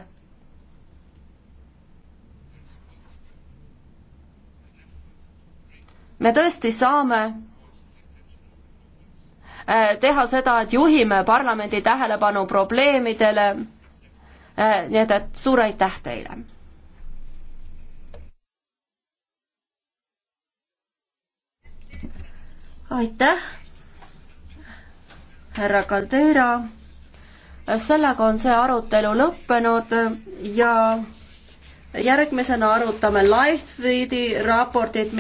me tõesti saame Äh, teha seda, et juhime parlamendi tähelepanu probleemidele. Äh, nii et, et suur aitäh teile! aitäh, härra Caldeira. sellega on see arutelu lõppenud ja järgmisena arutame Lightfeedi raportit,